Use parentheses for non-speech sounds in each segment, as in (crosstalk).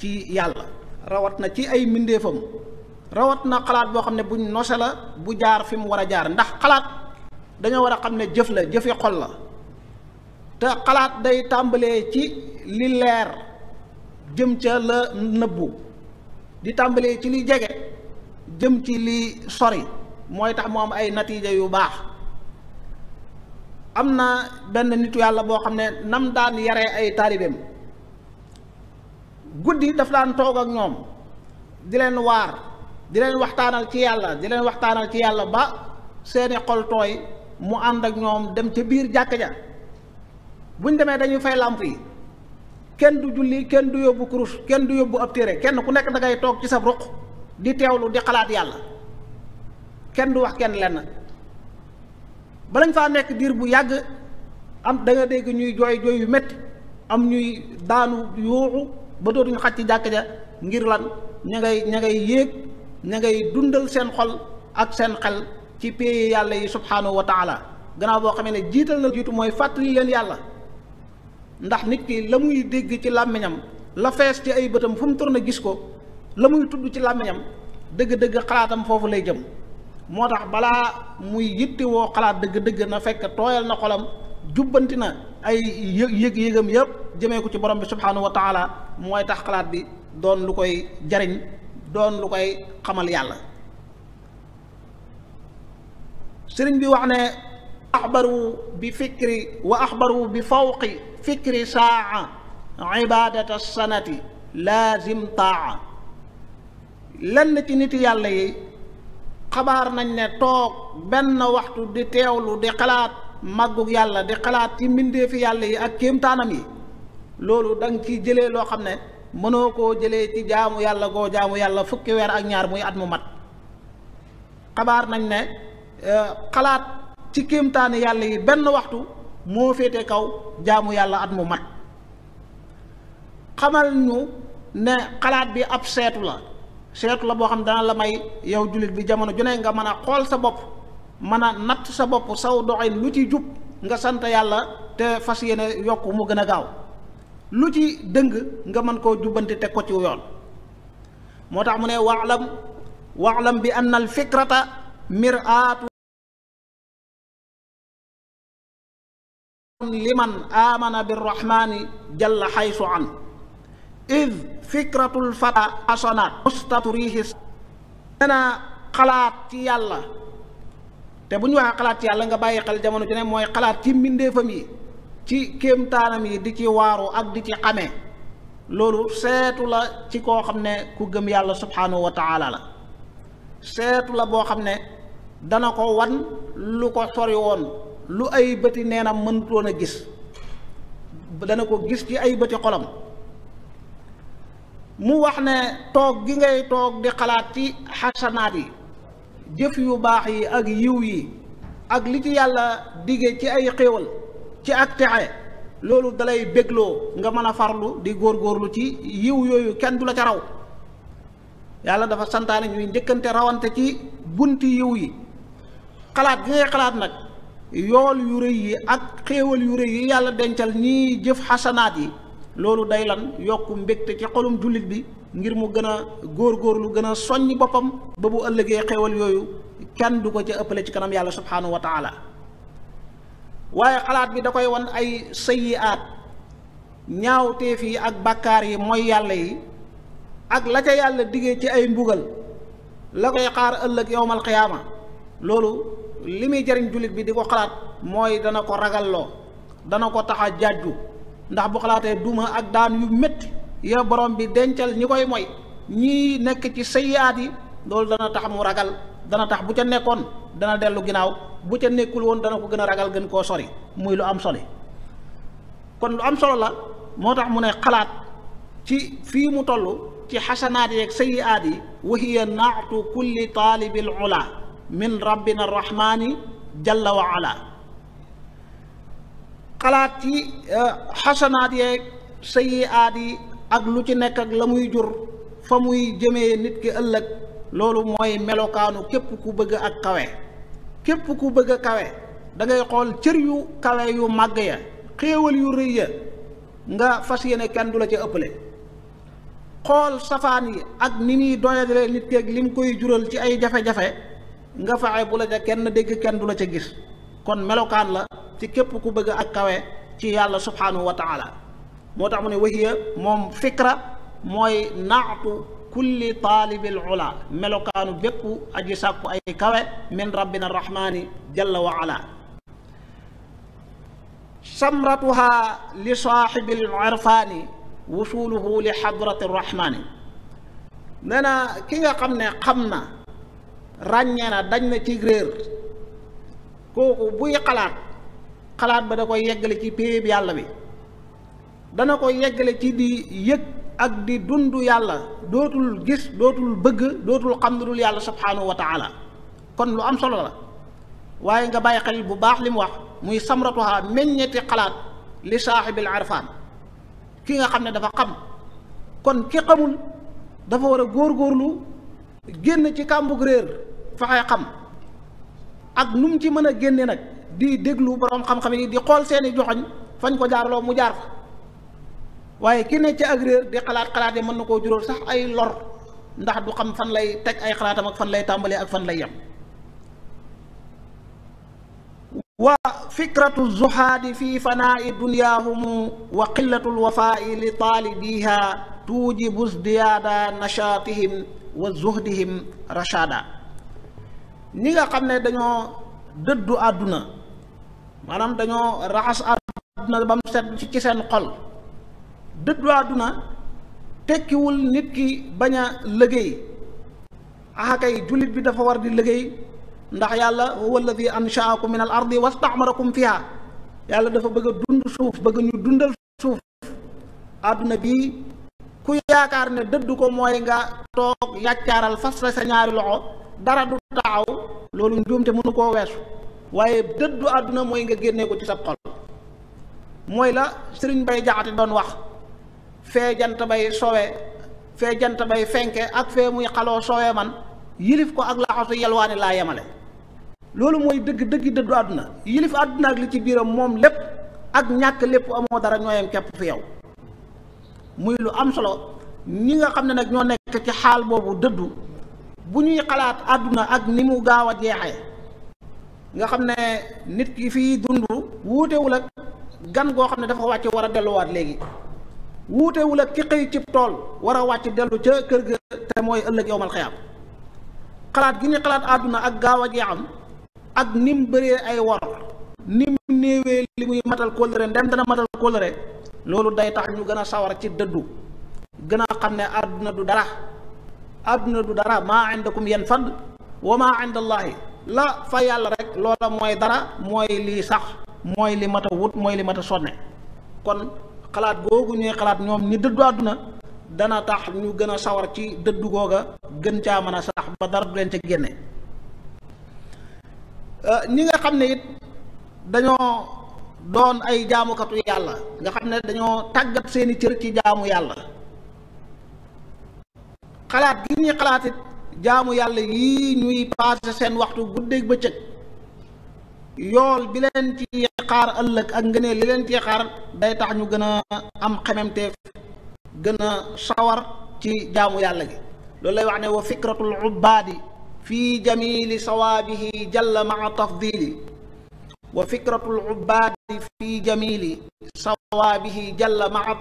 ci yàlla rawat na ci ay mbindeefam rawat na xalaat boo xam ne buñ nose la bu jaar fi mu war a jaar ndax xalaat dañoo war a xam ne jëf la jëfi xol la te xalaat day tàmbalee ci li leer jëm ca di tàmbalee ci li jege jëm ci li sori mooy tax mu am ay natiija yu baax am na benn nitu yàlla boo xam ne nam daan yaree ay taalibeem guddi daf daan toog ak ñoom di leen waar di leen waxtaanal ci yàlla di leen waxtaanal ci yàlla ba seeni xol tooy mu ànd ak ñoom dem ca biir jàkk ja buñ demee dañuy fay làmp yi kenn du julli kenn du yóbbu kurus kenn du yóbbu ab téere kenn ku nekk da ngay toog ci sa ruq di teewlu di xalaat yàlla kenn du wax kenn lenn balañ fa nekk diir bu yàgg am da dégg ñuy jooy jooy yu métti am ñuy daanu yuuxu ba dootuñu xaj ci jàkk ja ngir lan ña ngay ña ngay yéeg ña dundal seen xol ak seen xel ci péye yàlla yi subhaanahu wa taala gannaaw boo xamee ne jiital na jiitu mooy fàttali leen yàlla ndax nit ki la muy dégg ci làmmiñam la fees ci ay bëtam fu mu tourné gis ko la muy tudd ci làmmiñam dëgg-dëgg xalaatam foofu lay jëm moo tax balaa muy yittewoo xalaat dëgg-dëgg na fekk tooyal na xolam jubbanti na ay yëg yëg yëgam yëpp jëmee ko ci borom bi subhaanahu wa taala mooy tax xalaat bi doon lu koy jariñ doon lu koy xamal yàlla sëriñ bi wax ne axbaru bi fikri wa axbaru bi fawqi fikri saa ibadata sanati laazim taa lenn ci nit yàlla yi xabaar nañ ne toog benn waxtu di teewlu di xalaat màggug yàlla di xalaat ci mbindeefi yàlla yi ak kéemtaanam yi loolu danga ci jële loo xam ne mënoo koo jële ci jaamu yàlla goo jaamu yàlla fukki weer ak ñaar muy at mu mat xabaar nañ ne euh, xalaat ci kéemtaani yàlla yi benn waxtu moo kaw jaamu yàlla at mu mat xamal ñu ne xalaat bi ab seetu la seetu la boo xam dana la may yow jullit bi jamono ju ne nga mën a xool sa bopp mën a natt sa bopp saw doxin lu ci jub nga sant yàlla te fas yéene yokk mu gën a gaaw lu ci dëng nga mën koo jubbanti teg ko ci yoon moo tax mu ne waalam waalam bi anna al fikrata miraatu liman amana birrahmani jalla xaysu an id fikratul fata asanaat mustaturihi nee na xalaat ci yàlla te bu ñu waxee xalaat yàlla nga bàyyi xel jamono ci ne mooy xalaat ci mbindeefam yi ci kéemtaanam yi di ci waaru ak di ci xamee loolu seetu la ci koo xam ne ku gëm yàlla subhaanahu wa taala la seetu la boo xam ne dana ko wan lu ko sori woon lu ay bëti neenam mënutoon a gis dana ko gis ci ay bëti xolam mu wax ne toog gi ngay toog di xalaat ci xasanaat yi jëf yu baax yi ak yiw yi ak li ci yàlla dige ci ay xéewal ci ak texe loolu dalay bégloo nga mën a farlu di góor góorlu ci yiw yooyu kenn du la ca raw yàlla dafa santaane ñuy njëkkante rawante ci bunt yiw yi xalaat gi ngay xalaat nag yool yu rëy yi ak xéewal yu rëy yi yàlla dencal ñiy jëf xasanaat yi loolu day lan yokk mbégte ci xolum jullit bi ngir mu gën a góor góor lu gën a soññ boppam ba bu ëllëgee xewal yooyu kenn du ko ca ëppale ci kanam yàlla subhaanahu wa waaye xalaat bi da koy wan ay sëyi ñaaw ñaawteef yi ak bàkkaar yi mooy yàlla yi ak la ca yàlla diggee ci ay mbugal la koy xaar ëllëg yowmal xiyaama loolu li muy jariñ jullit bi di ko xalaat mooy dana ko ragalloo dana ko tax a jàjju ndax bu xalaatee duma ak daan yu métti ya borom bi dencal ñi koy moy ñii nekk ci sayyaat yi loolu dana tax mu ragal dana tax bu ca nekkoon dana dellu ginnaaw bu ca nekkul woon dana ko gën a ragal gën koo sori muy lu am solo kon lu am solo la moo tax mu ne xalaat ci fii mu toll ci xasanaat yeeg sayyiaat yi wa hiya naatu kulli taalibil ula min rabbina arrahmani jalla wa ala xalaat ci eh, xasanaat yeeg aat yi ak lu ci nekk la muy jur fa muy jëmee nit ki ëllëg loolu mooy melokaanu képp ku bëgg ak kawe képp ku bëgg kawe dangay xool cër yu kawe yu màgg ya xéewal yu rëy ya nga fas yéene kenn du la ca ëpple xool safaan yi ak ni muy doyadale nit keeg li mu koy jural ci ay jafe-jafe nga faxe bu la ca kenn dégg kenn du la ca gis kon melokaan la ci képp ku bëgg ak kawe ci yàlla subhaanahu wa taala moo tax mu ne wahiya moom fikra mooy naatu kulli taalibil ula melokaanu bépp aji sàkku ay kawe min rabbina rahmaani jalla wa ala samratuha li saaxibil irfaani wusuluhu li xadrati rahmaani nee ki nga xam ne xam na ràññee dañ na ci kooku buy xalaat xalaat ba da koy yeggale ci péeb yàlla bi dana ko yeggale ci di yëg ak di dundu yàlla dootul gis dootul bëgg dootul xam lu dul yàlla subhaanahu wa kon lu am solo la waaye nga bàyyi xel bu baax li mu wax muy samratuha meññeti xalaat li saaxibil arfaan ki nga xam ne dafa xam kon ki xamul dafa war a góor góorlu génn ci kàmbug réer fexe xam ak nu mu ci mën a génne nag di déglu borom xam-xam yi di xool seeni joxoñ fañ ko jaarloo mu jaar fa waaye ki ne ca ak réer di xalaat xalaat yi mën na koo juróol sax ay lor ndax du xam fan lay teg ay xalaatam ak fan lay tàmbali ak fan lay yem wa fikratu zuhaadi fi fanaai duniyaahumu wa qillatu lwafaai li taalibiha tuujibu zdiyaada nashaatihim wa zuhdihim rashaada ñi nga xam ne dañoo dëddu àdduna maanaam dañoo raxas àdduna ba mu set ci seen xol dëddu àdduna tekkiwul nit ki baña a liggéey axakay ah, jullit bi dafa war di liggéey ndax yàlla huwa alladi anshaakum min al ardi wastamarakum fiha yàlla dafa bëgg dund suuf bëgg ñu dundal suuf àdduna bii ku yaakaar ne dëdd ko mooy nga toog yàccaaral fas la sa ñaari loxo dara du taaw loolu te mënu koo weesu waaye dëddu àdduna mooy nga génne ko ci sa xol mooy la sëriñ bay jaxate doon wax fee jant bay sowee fee jant bay fenke ak fee muy xaloo sowee man yilif ko ak laxasu yalwaane laa yemale loolu mooy dëgg dëgg dëddu àdduna yilif àdduna ak li ci biiram moom lépp ak ñàkk lépp amoo dara ñooyam képp fi yow muy lu am solo ñi nga xam ne nag ñoo nekk ci xaal boobu dëddu bu ñuy xalaat àdduna ak ni mu gaaw a jeexee nga xam ne nit ki fii dund wuutewul ak gan goo xam ne dafa wàcc war a delluwaat léegi wuutewul ak ki xëy cib tool war a wàcc dellu ca kër ga te mooy ëllëg yowmal xiyaam xalaat gi ñu xalaat àdduna ak gaaw a jeexam ak nim bëree ay wor nim néewee li muy matal kóllëre ndem dana matal kóllëre loolu day tax ñu gën a sawar ci dëddu gën a xam ne àdduna du dara àdduna du dara maa indakum yanfad wa maa indallahi la fa yàlla rek loola mooy dara mooy lii sax mooy li mat a wut mooy li mat a sonne kon xalaat googu ñuy xalaat ñoom ñi dëddu àdduna dana tax ñu gën a sawar ci dëddu googa gën caa mën a sax ba dara du leen ca génne euh, ñi nga xam ne it dañoo doon ay jaamukatu yàlla nga xam ne dañoo tàggat seeni cër ci jaamu yàlla xalaat gi ñuy xalaat it jaamu yàlla yii ñuy passé seen waxtu guddeeg bëccëg yool bi leen ci xaar ëllëg ak ngëneel li leen ci xaar day tax ñu gën a am xememteef gën a sawar ci jaamu yàlla gi loolu lay wax ne wa fikratul ubbaadi fi jamili sawaabihi jalla maa tafdili wa fikratul ubbaadi fi jamili sawaabihi jalla maa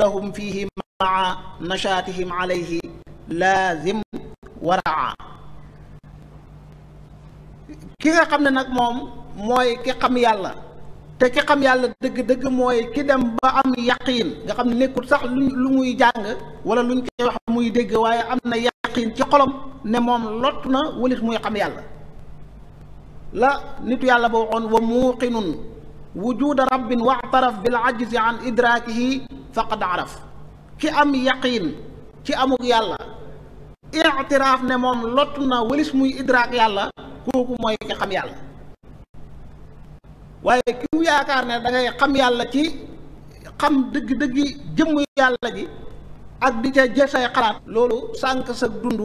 lahum fihi maa nashaatihim alayhi laazim waraa nga xam ne nag moom mooy ki yàlla te ki xam yàlla dëgg-dëgg mooy ki dem ba am nga xam ne nekkul sax lu muy jàng wala luñ koy wax muy dégg waaye am na yaqiin ci xolom ne moom lot na walit muy xam yàlla la nit yàlla ba waxoon wa muuqinun wujuda rabbin waxtaraf bil ajizi an idrakihi faqad araf ki am yaqiin ci amuk yàlla itiraaf ne moom lottu na wëlis muy idraak yàlla kooku mooy ki xam yàlla waaye ki yaakaar ne dangay xam yàlla ci xam dëgg dëggi jëmm yàlla ji ak di ca jëf say xalaat loolu sànq sa dund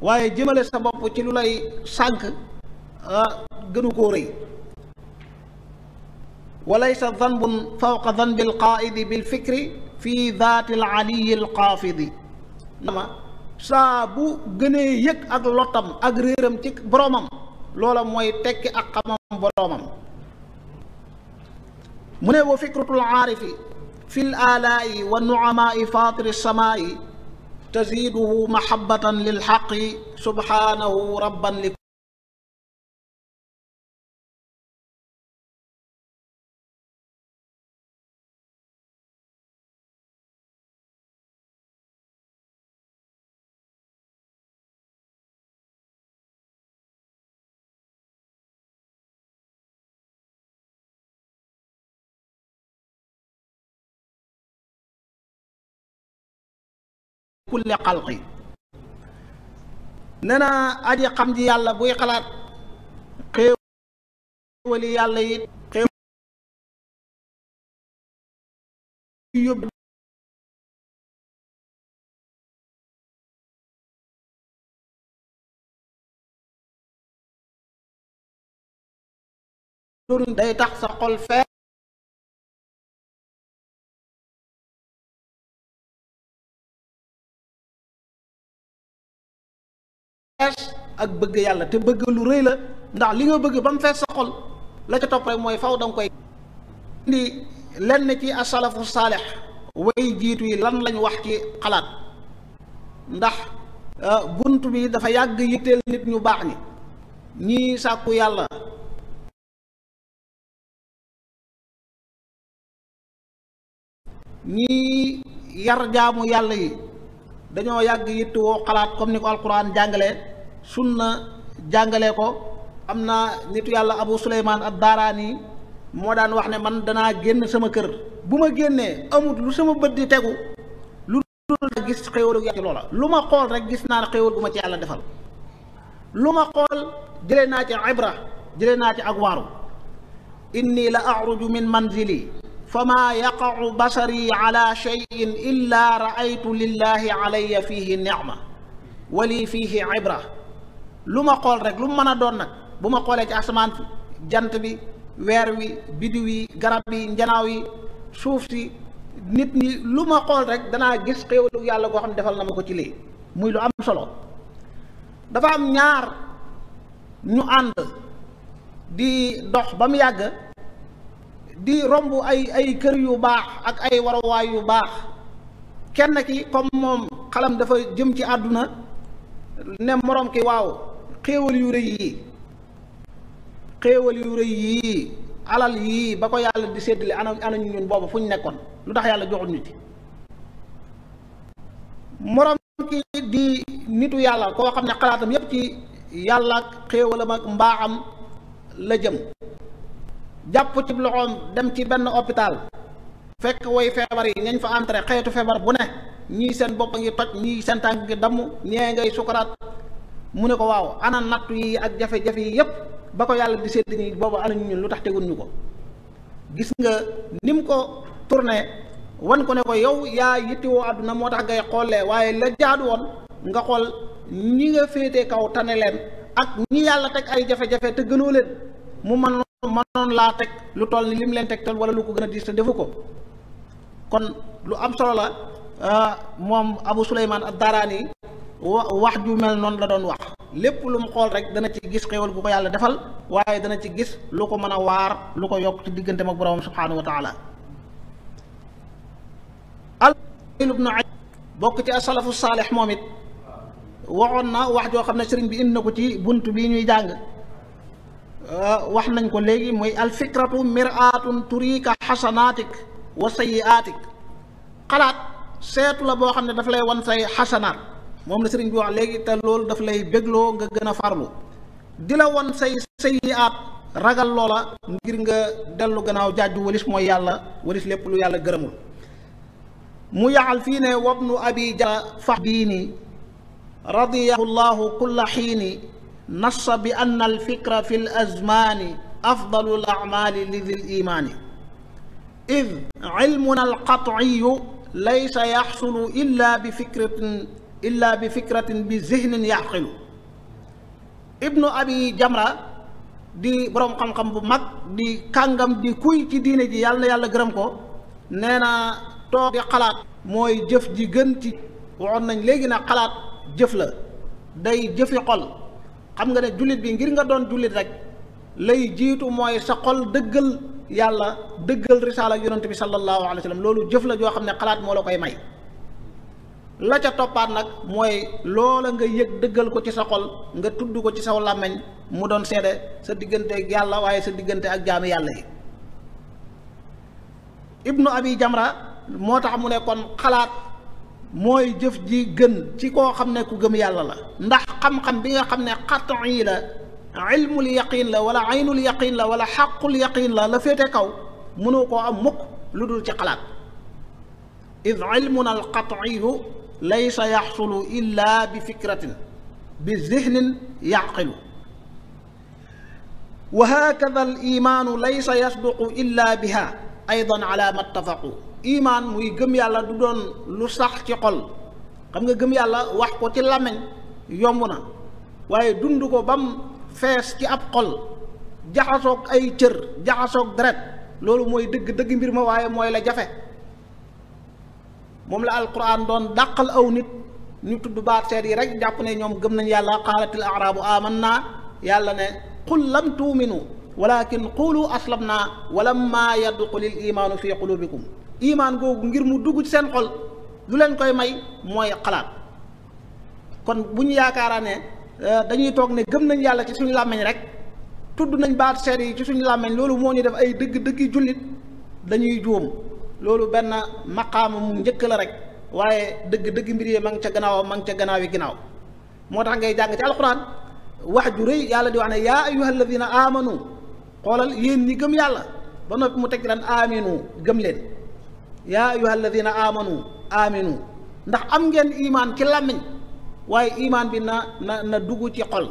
waaye jëmale sa bopp ci lu lay sànq ah, gënu koo rëy walaysa danbun fawqa danbil qaidi bil fikri fii daatil aliyil xaafidi nama saa bu gënee yëg ak lottam ak réeram ci boroomam loola mooy tekki ak xamam boroomam mu ne wa fikratul aarifi fil aalaa'i wa nu'amaa'i faatiri samaa'i taziiduhu mahabbatan lil xaqi subhaanahu rabban li kulli xalqi nee na aji xam ji yàlla buy xalaat xéewali yàlla it xéew yóbbu day tax sa xol fee fees ak bëgg yàlla te bëgg lu rëy la ndax li nga bëgg ba mu fees sa xol la ca topp rek mooy faw da nga koy lenn ci asalafu saalix way jiitu yi lan lañ wax ci xalaat ndax euh, bunt bi dafa yàgg yitteel nit ñu baax ni ñii sàkku yàlla ñii yar jaamu yàlla yi dañoo yàgg yittewoo xalaat comme ni ko alquran jàngalee sunna jàngale ko am na nit yàlla abu suleymaan ad daaraani moo daan wax ne man danaa génn sama kër bu ma génnee amut lu sama bët di tegu lu dul gis xéwal gu ci loola lu ma xool rek gis naa ne xéwal gu ma ci yàlla defal lu ma xool jële naa ci ibra jële naa ci ak waaru inni la aruju min manzili fama yaqau basari ala cheyin illa raaytu lillahi alaya fihi necma wali fihi ibra lu ma xool rek lu mu mën a doon nag bu ma xoolee ci asamaan fi jant bi weer wi bidiw yi garab yi njanaaw yi suuf si nit ñi lu ma xool rek danaa gis xéewalu yàlla goo xam ne defal na ma ko ci lii muy lu am solo dafa am ñaar ñu ànd di dox ba mu yàgg di romb ay ay kër yu baax ak ay warawaay yu baax kenn ki comme moom xalam dafa jëm ci àdduna ne moroom ki waaw xéewal yu rëy yii xéewal yu alal yii ba ko yàlla di séddale ana anañu ñun boobu fu ñu nekkoon lu tax yàlla joxut ñu ci moroom ki di nitu yàlla koo xam ne xalaatam yépp ci yàlla xéewalam ak mbaaxam la jëm jàpp ci loxoom dem ci benn hôpital fekk woy feebar yi ñañ fa entré xeetu feebar bu ne ñii seen bopp ngi toj ñii seen tànk ngi damm ñee ngay sukaraat mu ne ko waaw ana nattu yi ak jafe-jafe yi yépp ba ko yàlla di sedd nii boobu ana ñun lu tax teguñu ko gis nga ni mu ko tourné wan ko ne ko yow yaa yittiwoo àdduna moo tax ngay xoolee waaye la jaadu woon nga xool ñi nga féete kaw tane leen ak ñi yàlla teg ay jafe-jafe te gënoo leen mu mën mënoon laa teg lu toll ni lim leen tegtal wala lu ko gën a diis te defu ko kon lu am solo la ah, moom Abu Suleymaan ad-Daaraani wa wax ju mel noonu la doon wax lépp lu mu xool rek dana ci gis xéwal gu ko yàlla defal waaye dana ci gis lu ko mën a waar lu ko yokk ci diggante ak boroomam subhaanahu wa taala al ibnu bokk ci asalafu saalix moom it waxoon na wax joo xam ne sëriñ bi indi na ko ci bunt bii ñuy jàng Euh, wax nañ ko léegi mooy alfikratu miraatun turika xasanaatik wa sayiaatik xalaat seetu la boo xam ne daf lay wan say xasanaat moom la sëriñ bi wax léegi te loolu dafa lay bégloo nga gën a farlu di la wan say sayiaat ragal loola ngir nga dellu gannaaw jàjju walis mooy yàlla walis lépp lu yàlla gërëmul mu yaxal fii ne wabnu abi jara fax bii ni radiyahu xiini نص بأن الفكر في الأزمان أفضل الأعمال لذي الإيمان إذ علمنا القطعي ليس يحصل إلا بفكرة إلا بفكرة بذهن يعقل ابن أبي جمرة di borom xam-xam bu mag di kàngam di kuy ci diine ji yàlla na yàlla gërëm ko nee na toog xalaat mooy jëf ji gën ci waxoon nañ léegi na xalaat jëf la day jëfi xol xam nga ne jullit bi ngir nga doon jullit rek lay jiitu mooy sa xol dëggal yàlla dëggal risaala yonent bi sallallahu alayhi wa sallam loolu jëf la joo xam ne xalaat moo la koy may la ca toppaat nag mooy loola nga yëg dëggal ko ci sa xol nga tudd ko ci saw làmmeñ mu doon seede sa diggante ak yàlla waaye sa diggante ak jaamu yàlla yi ibnu abi jamra moo tax mu ne kon xalaat mooy jëf ji gën ci koo xam ne ku gëm yàlla la ndax xam-xam bi nga xam ne xatu yi la ilmul yaqin la wala aynul yaqin la wala xaqul yaqin la la féete kaw mënu koo am mukk lu dul ci xalaat id ilmuna alqatiyu laysa yaxsulu illa bi fikratin bi zihnin yaqilu wa hakada alimaanu laysa yasduqu illa biha aydan ala ma ttafaqu imaan muy gëm yàlla du doon lu sax ci xol xam nga gëm yàlla wax ko ci làmmiñ yomb na waaye dund ko bam mu fees ci ab xol jaxasoog ay cër jaxasoog deret loolu mooy dëgg dëgg mbir ma waaye mooy la jafe moom la alquran doon dàqal aw nit ñu tudd baat seet yi rek jàpp ne ñoom gëm nañ yàlla qaalatil arabu naa yàlla ne qul lam tuuminu walakin qulu aslamna walamma yadxulil imaanu fi qulubikum imaan googu ngir mu dugg ci seen xol lu leen koy may mooy xalaat kon bu ñu yaakaara ne euh, dañuy toog ne gëm nañ yàlla ci suñu làmmiñ rek tudd nañ baat seet yi ci suñu làmmiñ loolu moo ñu def ay dëgg dëggi jullit dañuy juum loolu benn maqaama mu njëkk la rek waaye dëgg dëgg mbir yi ma ngi ca gannaaw ma ngi ca gannaaw yi gannaaw moo tax ngay jàng ci alquran wax ju rëy yàlla di wax ne yaa ayyuha alladina amanu xoolal yéen ñi gëm yàlla ba noppi mu teg lan aminu gëm leen yaa ayuha alladina amanu aminu ndax am ngeen imaan ci làmmiñ waaye imaan bi na na dugg ci xol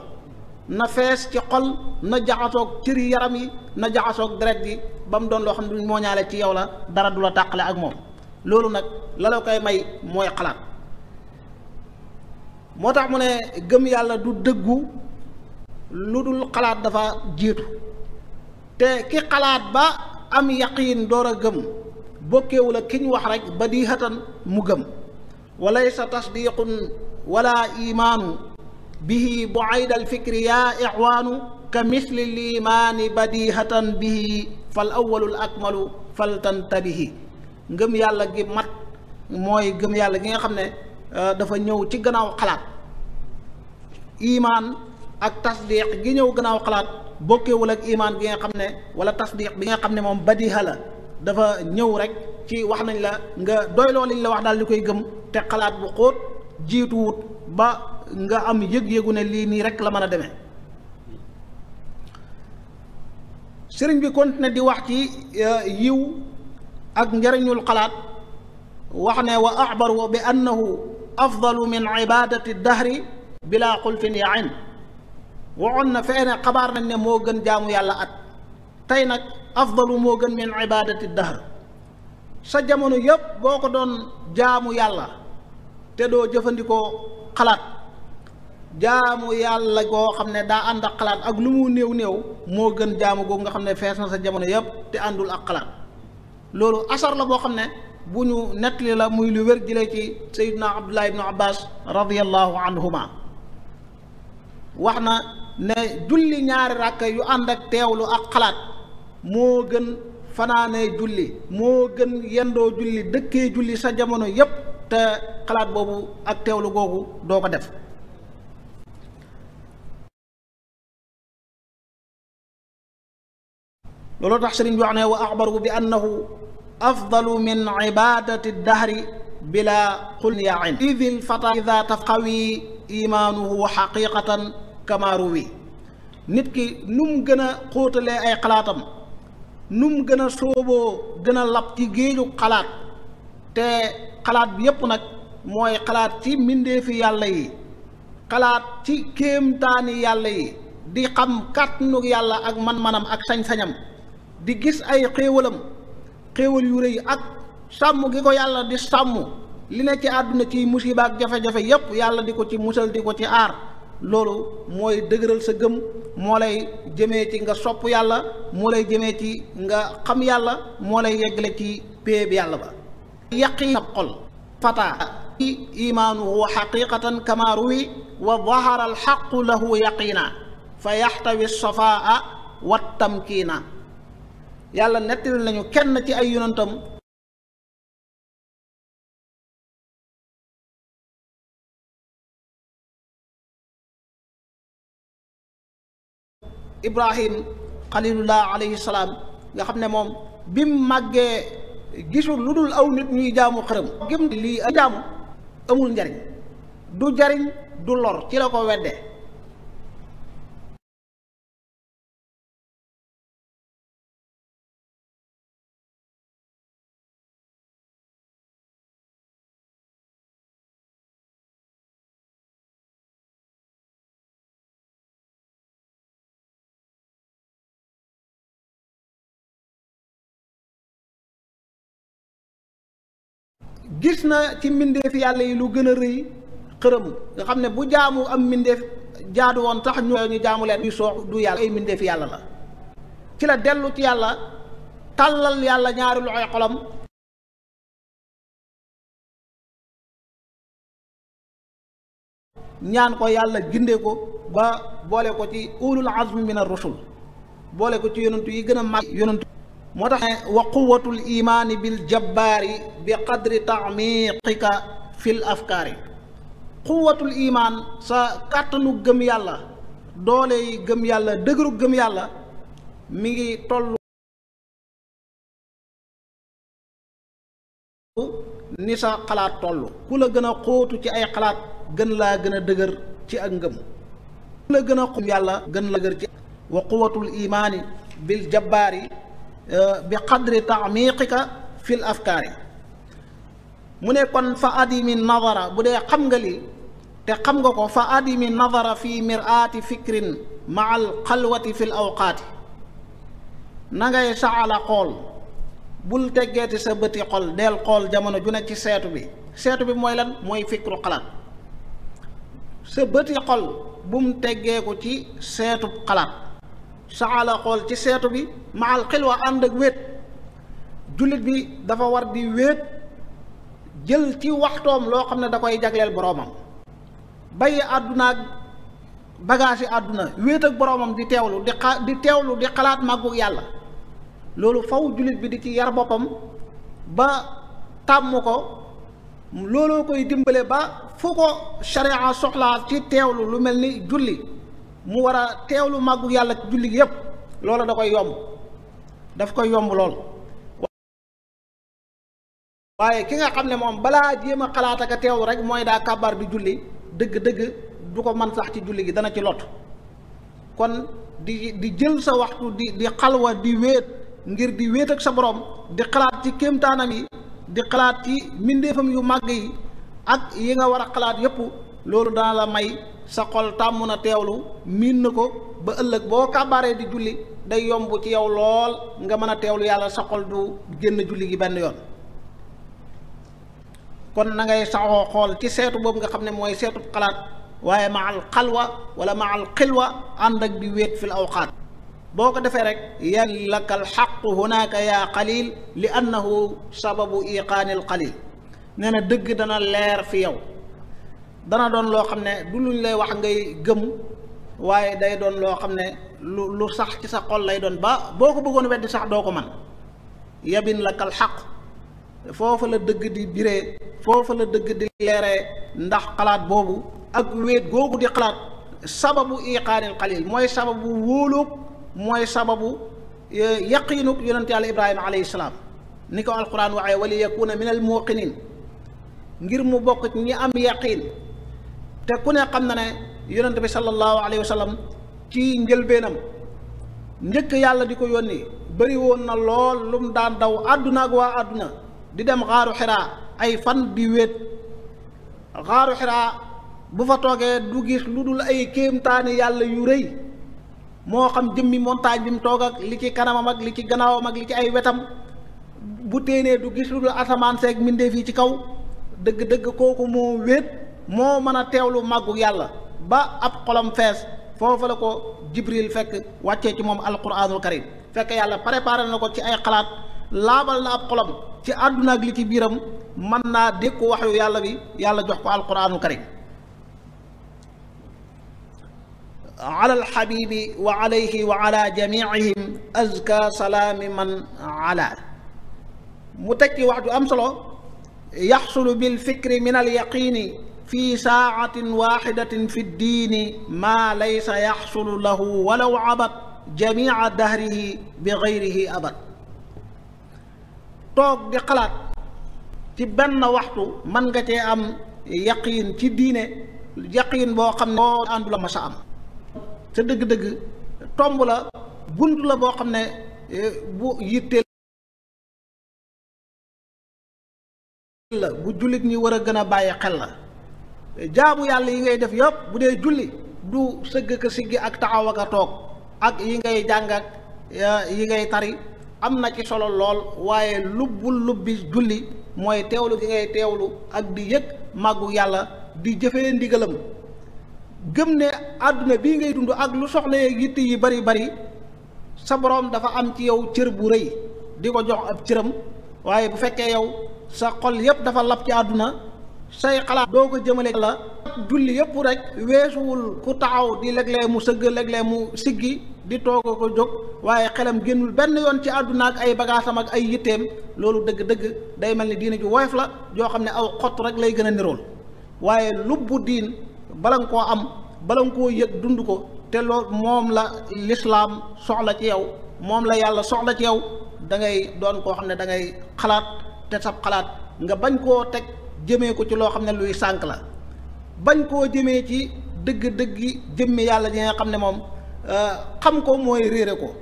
na fees ci xol na jaxasoog yi yaram yi na jaxasoog deret bi ba mu doon loo xam ne duñ mooñaale ci yow la dara du la tàqale ak moom loolu nag lala koy may mooy xalaat moo tax mu ne gëm yàlla du dëggu lu dul xalaat dafa jiitu te ki xalaat ba am yaqiin door a gëm bokkewul ak ki ñu wax rek ba di hatan mu gëm walaysa tasdiqun wala imaanu bihi bu aydal fikri yaa ixwaanu ka misli liimaani badihatan bihi fal awwalul akmalu fal tantabihi ngëm yàlla gi mat mooy gëm yàlla gi nga xam ne euh, dafa ñëw ci gannaaw xalaat imaan ak tasdiq gi ñëw gannaaw xalaat bokkewul ak imaan bi nga xam ne wala tasdiq bi nga xam ne moom badiha la dafa ñëw rek ci wax nañ la nga doyloo liñ la wax daal li koy gëm te xalaat bu xóot jiituwut ba nga am yëg-yëgu ne lii nii rek la mën a deme sëriñ bi continué di wax ci eh, yiw ak njariñul xalaat wax ne wa axbaru bi annahu afdalu min ibadati dahri bila xulfin yain waxoon na fee ne xabaar nañ ne moo gën jaamu yàlla at tey nag afdalu moo gën min ibaadati dahr sa jamono yépp boo ko doon jaamu yàlla te doo jëfandikoo xalaat jaamu yàlla goo xam ne daa ànd ak xalaat ak lu mu néew néew moo gën jaamu googu nga xam ne fees na sa jamono yépp te àndul ak xalaat loolu asar la boo xam ne bu ñu nettali la muy lu wér jëlee ci sayyidna abdullah ibnu abbas radiyallahu anhuma wax na ne julli ñaari ràkka yu ànd ak teewlu ak xalaat moo gën fanaanee julli moo gën yendoo julli dëkkee julli sa jamono yépp te xalaat boobu ak teewlu googu doo ko def loolu tax sëriñ bi wax ne wa axbaru bi annahu afdalu min ibadati dahri bila xulniyain idil fata ida tafqawi imaanuhu xaqiqatan kamaaru wi nit ki nu mu gën a xóotalee ay xalaatam num gën a sooboo gën a lab ci géeju xalaat te xalaat bi yépp nag mooy xalaat ci mbindeefi yàlla yi xalaat ci kéemtaani yàlla yi di xam kàttanu yàlla ak man-manam ak sañ-sañam di gis ay xéewalam xéewal yu rëy ak sàmm gi ko yàlla di sàmm li ne ci àdduna ci musiba ak jafe-jafe yépp yàlla di ko ci musal di ko ci aar loolu mooy dëgëral sa gëm moo lay jëmee ci nga sopp yàlla moo lay jëmee ci nga xam yàlla moo lay yeggale ci péeb yàlla ba yaqi xol fata i imaanuhu xaqiqatan kama ruwi wa dahara alxaqu lahu yaqiina fa yaxtawi safaa wa tamkiina yàlla nettali nañu kenn ci ay yonantam ibrahim xalilullah alayhi salaam nga xam ne moom bim màggee gisul lu dul aw nit ñuy jaamu xërëm gëm lii jaamu amul njariñ du jariñ du lor ci la ko weddee gis na ci mbindeef yàlla yi lu gën a rëy xërëm nga xam ne bu jaamu am mbindeef jaadu woon tax ñu ñu jaamu leen ñu soox du yàlla ay mbindeef yàlla la ci la dellu ci yàlla tàllal yàlla ñaari loxoy xolam ñaan ko yàlla gindee ko ba boole ko ci ulul azmi min ar rusul boole ko ci yonentu yi gën a mag yonentu moo tax ne wa quwatul imaani bil jabbaari bi qadri taamiqika fil afkaari quwatul imaan sa kàttanu gëm yàlla doole yi gëm yàlla dëgëru gëm yàlla mi ngi toll ni sa xalaat toll ku la gën a xóotu ci ay xalaat gën laa gën a dëgër ci ak ngëm ku la gën a yàlla gën la dëgër ci wa quwatul imaani bil jabbaari bi qadri taamiqika fil afkaari mu ne kon fa adimi nadara bu dee xam nga li te xam nga ko fa adimi nadara fi miraati fikrin ma al xalwati fil awqaati na ngay xool bul teggeeti sa bëti xol del xool jamono ju ne ci seetu bi seetu bi mooy lan mooy fikru xalaat sa bëti xol bum teggeeku ci seetu xalaat saala xool ci seetu bi maal xilwa ànd ak wéet jullit bi dafa war di wéet jël ci waxtoom loo xam ne da koy jagleel boroomam bàyyi àdduna ak bagage àdduna wéet ak boroomam di teewlu di xalaat màggug yàlla loolu faw jullit bi di ci yar boppam ba tàmm ko looloo koy dimbale ba fu ko sharia soxlaa ci teewlu lu mel ni julli mu war a teewlu màggu yàlla julli gi yépp loola da koy yomb daf koy yomb lool waaye ki nga xam ne moom balaa jéem a xalaat ak a teewlu rek mooy daa kàbbar di julli dëgg-dëgg du ko mën sax ci julli gi dana ci lot kon di di jël sa waxtu di di xalwa di wéet ngir di wéet ak sa boroom di xalaat ci kéemtaanam yi di xalaat ci mbindeefam yu màgg yi ak yi nga war a xalaat yépp loolu dana la may sa xol tàmm na teewlu miin na ko ba ëllëg boo kàbbaaree di julli day yomb ci yow lool nga mën a teewlu yàlla sa xol du génn julli gi benn yoon kon na ngay saxoo xool ci seetu boobu nga xam ne mooy seetu xalaat waaye ma xal wa wala ma al xilwa ànd ak di wéet aw awqaat boo ko defee rek yallakal xaqu hunaaka yaa qalil li annahu sababu iqaanil qalil nee na dëgg dana leer fi yow dana doon loo xam ne du luñ lay wax ngay gëm waaye day doon loo xam ne lu lu sax ci sa xol lay doon ba boo ko bëggoon weddi sax doo ko man yabin la kal foofa la dëgg di biree foofa la dëgg di leeree ndax xalaat boobu ak wéet googu di xalaat sababu iqaanil xalil mooy sababu wóolóog mooy sababu eh, yaqiinug yonent yàlla ibrahima alayhi salaam ni ko alquran waxee wali yakuna min mu muqinin ngir mu bokk ñi am yaqiin te ku ne xam na ne yonent bi sallallahu alayhi wa sallam ci njëlbeenam njëkk yàlla di ko yónnee bëri woon na lool lu daan daw àdduna ak waa àdduna di dem xaaru xiraa ay fan di wéet xaaru xiraa bu fa toogee du gis lu dul ay kéemtaani yàlla yu rëy moo xam jëmmi montagne bi mu toog ak li ci kanamam ak li ci gannaawam ak li ci ay wetam bu téenee du gis lu dul asamaan seeg mbindeef yi ci kaw dëgg-dëgg kooku moo wéet moo mën a teewlu màggu yàlla ba ab xolom fees foofu la ko jibril fekk wàccee ci moom alquranul karim fekk yàlla préparé na ko ci ay xalaat laabal na ab xolam ci àdduna ak li ci biiram mën naa dékku waxyu yàlla bi yàlla jox ko alquranul karim ala alxabibi wa alayhi wa ala jamiihim azka salaami man ala mu teg ci wax ju am solo yaxsulu bilfikri min alyaqini fi saatin waxidatin fi ddiini maa laysa yaxsulu lahu walaw abad jamica dahrihi bi geyrihi abad toog di xalaat ci benn waxtu mën nga cee am yaqiin ci diine yaqiin boo xam ne boo àndu am sa dëgg-dëgg tomb la bunt la boo xam ne e, bu yittee bu jullit ñi war a gën a bàyyi xel la jaabu yàlla yi ngay def yëpp bu dee julli du sëgg ka siggi ak taxaw ak a toog ak yi ngay jàng ak yi ngay tari am na ci solo lool waaye lubbul lubbi julli mooy teewlu gi ngay teewlu ak di yëg màggu yàlla di jëfee ndigalam gëm ne àdduna bi ngay dund ak lu soxla yitte yi bari bari sa boroom dafa am ci yow cër bu rëy di ko jox ab cëram waaye bu fekkee yow sa xol yépp dafa lab ci àdduna say xalaat doo ko jëmale la julli yëpp rek weesuwul ku taxaw di léeg mu sëgg léeg mu siggi di toog ko jóg waaye xelam génnul benn yoon ci àdduna ak ay bagaasam ak ay yitteem loolu dëgg-dëgg day mel ni diina ju woyof la joo xam ne aw xott rek lay gën a nirool waaye lubbu diin bala nga koo am bala nga koo yëg dund ko te loolu moom la lislaam soxla ci yow moom la yàlla soxla ci yow da ngay doon koo xam ne da ngay xalaat te sab xalaat nga bañ koo teg jëmee ko ci loo xam ne luy sànk la bañ koo jëmee ci dëgg-dëggi dëgg jëmmi yàlla ji nga xam ne moom euh, xam ko mooy réere ko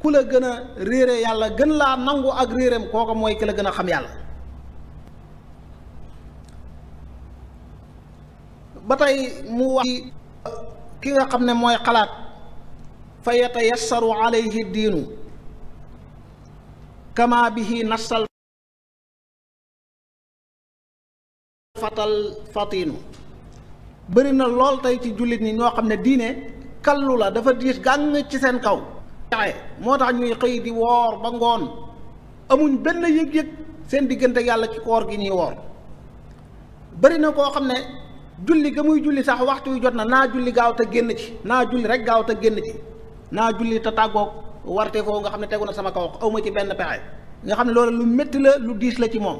ku la gën a réere yàlla gën laa nangu ak réeram kooka mooy ki la gën a xam yàlla ba tey mu wax ki nga xam ne mooy xalaat fa yatayassaru alayhi diinu kama bihi nassal fatal fatinu bëri na lool tey ci jullit ñi ñoo xam ne diine kallu la dafa diis gàng ci seen kaw moo tax ñuy xëy di woor ba ngoon amuñ benn yëg-yëg seen diggante yàlla ci koor gi ñuy woor bëri na koo xam ne julli ga muy julli sax waxtu yu jot na naa julli gaaw te génn ci naa julli rek gaaw te génn ci naa julli te tàggoog warte foofu nga xam ne tegu na sama kaw awma ci benn pexe nga xam ne loolu lu metti la lu diis la ci moom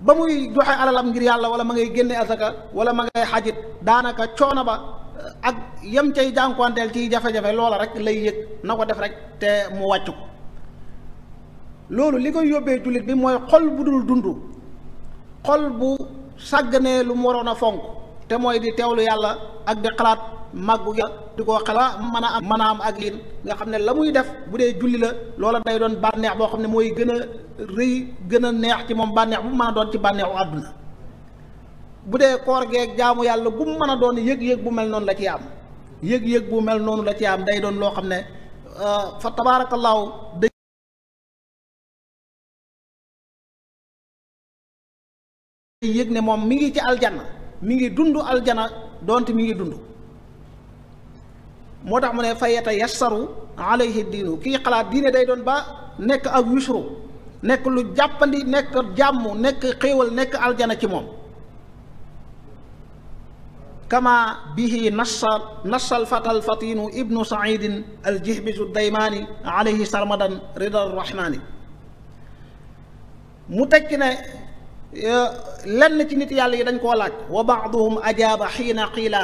ba muy joxe alalam ngir yàlla wala ma ngay génne asaka wala ma ngay xajit daanaka coono ba eh, ak yem cay jànkuwanteel ciy jafe-jafe loola rek lay yëg na ko def rek te mu wàcc ko loolu li koy yóbbee jullit bi mooy xol bu dul dund xol bu sàgganee lu mu waroon a fonk te mooy di teewlu yàlla ak di xalaat màggu yàlla di ko xelaa mën a am mën a am ak liin nga xam ne la muy def bu dee julli la loola day doon bànneex boo xam ne mooy gën a rëy gën a neex ci moom bànneex bu mën a doon ci bànneexu àdduna bu dee koor geeg jaamu yàlla bu mu mën a doon yëg-yëg bu mel noonu la ci am yëg-yëg bu mel noonu la ci am day doon loo xam ne euh, fa tabaarakallaahu yëg ne moom mi ngi ci aljana mi ngi dund aljana doonte mi ngi dund moo tax mu ne fa yata yassaru alayhi diinu kii xalaat diine day doon ba nekk ak yusru nekk lu jàppandi nekk jàmm nekk xéewal nekk aljana ci moom kama bihi nassa nassal fatal fatinu ibnu saidin aljihbisu daymaani alayhi sarmadan rida rahmaani mu tekki ne e, lenn ci nit yàlla yi dañ koo laaj wa baaduhum ajaaba xiina qiila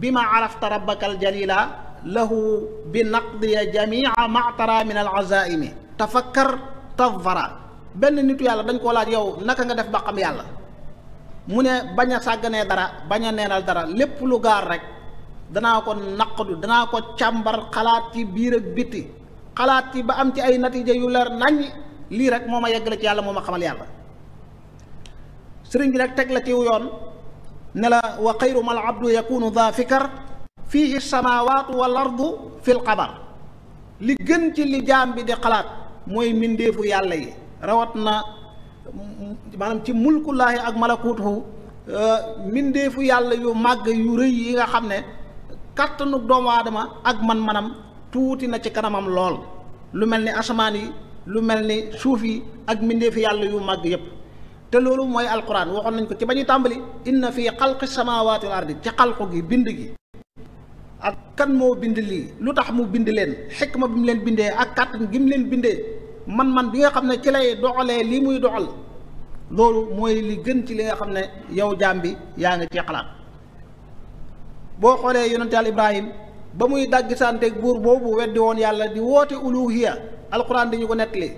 bima arafta rabbaka aljalila lahu bi naqdiya jamia matara min al azaimi tafakkar tavara benn nitu yàlla dañ koo laaj yow naka nga def ba xam yàlla mu ne bañ a sàgganee dara bañ a neenal dara lépp lu gaar rek danaa ko naqdu danaa ko càmbar xalaat ci biir ak bitti xalaat ci ba am ci ay natiija yu la naññ lii rek moo ma yeggale ci yàlla moo ma xamal yàlla sëriñ bi nag teg la ci yoon ne la wa xayru mal abdu yakunu daa fikar fiihi samaawaatu wal ardu fil xabar li gën ci lijaam bi di xalaat mooy mbindeefu yàlla yi rawat na mm, maanaam ci mulkulaay ak malakuutuhu euh, mbindeefu yàlla yu màgg yu rëy yi nga xam ne kàttanu doomu aadama ak man-manam tuuti na ci kanamam lool lu mel ni asamaan yi lu mel ni suuf yi ak mbindeefi yàlla yu màgg yépp te loolu mooy alquran waxoon nañ ko ci ba ñuy tàmbali inna fii xalqi samaawaati wal ardi ci xalqu gi bind gi ak kan moo bind lii lu tax mu bind leen xikma bi mu leen bindee ak kàttan gi mu leen bindee man-man bi nga xam ne ci lay doxalee lii muy doxal loolu mooy li gën ci li nga xam ne yow jaam bi yaa ngi ci xalaat boo xoolee yonente al ibrahim ba muy dàggisanteeg buur boobu weddi woon yàlla di woote uluhiya alquran dañu ko nettali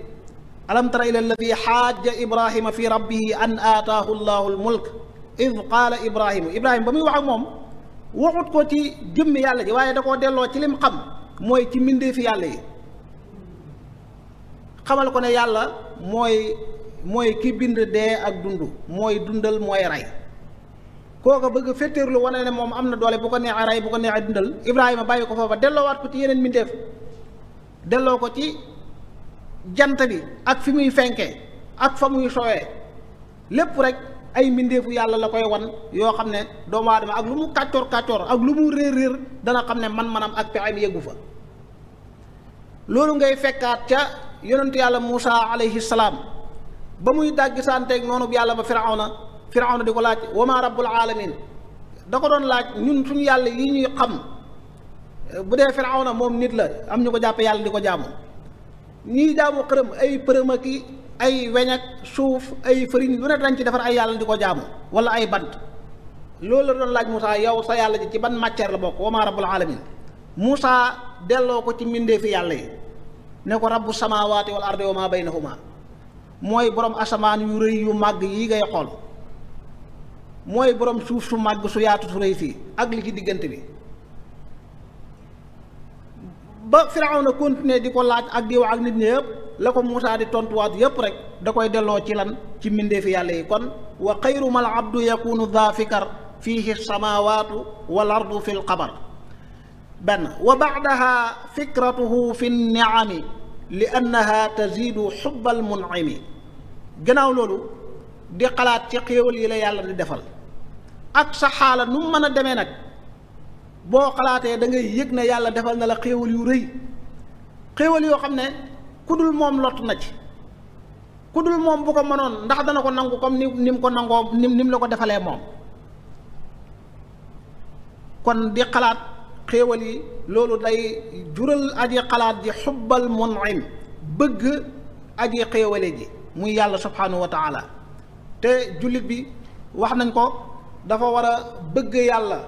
alam tara ila alladi xaaja ibrahima fi rabbihi an aataahu llahu almulk id qaala ibrahimu ibrahima ba muy wax ak moom waxut ko ci jëmmi yàlla ji waaye da koo delloo ci lim xam mooy ci mbindeefi yàlla yi xamal ko ne yàlla mooy mooy ki bind dee ak dund mooy dundal mooy rey kooka bëgg a féttéerlu wane ne moom am na doole bu ko neexee rey bu ko neexee dundal Ibrahima bàyyi ko foofa delloowaat ko ci yeneen mbindeef delloo ko ci jant bi ak fi muy fenke ak fa muy sowee lépp rek ay mbindeefu yàlla la koy wan yoo xam ne doomu aadama ak lu mu kàccoor kàccoor ak lu mu réer réer dana xam ne man-manam ak pexeem yeggu fa loolu ngay fekkaat ca yonentu yàlla Muusa alayhi salaam ba muy dàgg dàggisanteeg noonu bu yàlla ba firawna firawna di ko laaj wa ma rabbul alamin da ko doon laaj ñun suñu yàlla yi ñuy xam bu dee firawna moom nit la am ñu ko jàppe yàlla di ko jaamu ñiy jaamu xërëm ay përëm ki ay weñ suuf ay fëriñ lu ne dañ ci defar ay yàlla di ko jaamu wala ay bant loolu la doon laaj Moussa yow sa yàlla ji ci ban matière la bokk wa maa rabbul alamin Moussa delloo ko ci fi yàlla yi ne ko rabbu samaawaati wal ardi wa maa baynahuma mooy borom asamaan yu rëy yu màgg yi ngay xool mooy borom suuf su màgg su yaatu su rëy si ak li ci diggante bi ba Firawna continuer di ko laaj ak di wax ak nit ñi yëpp. la ko Moussa di tontuwaat yépp rek da koy delloo ci lan ci mbindeefi yàlla yi kon wa xayru mal abdu yakunu daa fikar fiihi samaawaatu wal ardu fi lxabar benn wa baadaha fikratuhu fi niami li annaha taziidu xubba almunimi gannaaw loolu di xalaat ci xéewal yi la yàlla di defal ak sa xaala nu mën a demee nag boo xalaatee da ngay yëg ne yàlla defal na la xéewal yu rëy xéewal yoo xam ne ku dul moom lott na ci ku dul moom bu ko mënoon ndax dana ko nangu comme ni ni ko nangoo ni ni mu la ko defalee moom kon di xalaat xéewal yi loolu day jural aji xalaat ji xubbal munim bëgg aji xéewale ji muy yàlla subhaanahu wa taala te jullit bi wax nañ ko dafa war a bëgg yàlla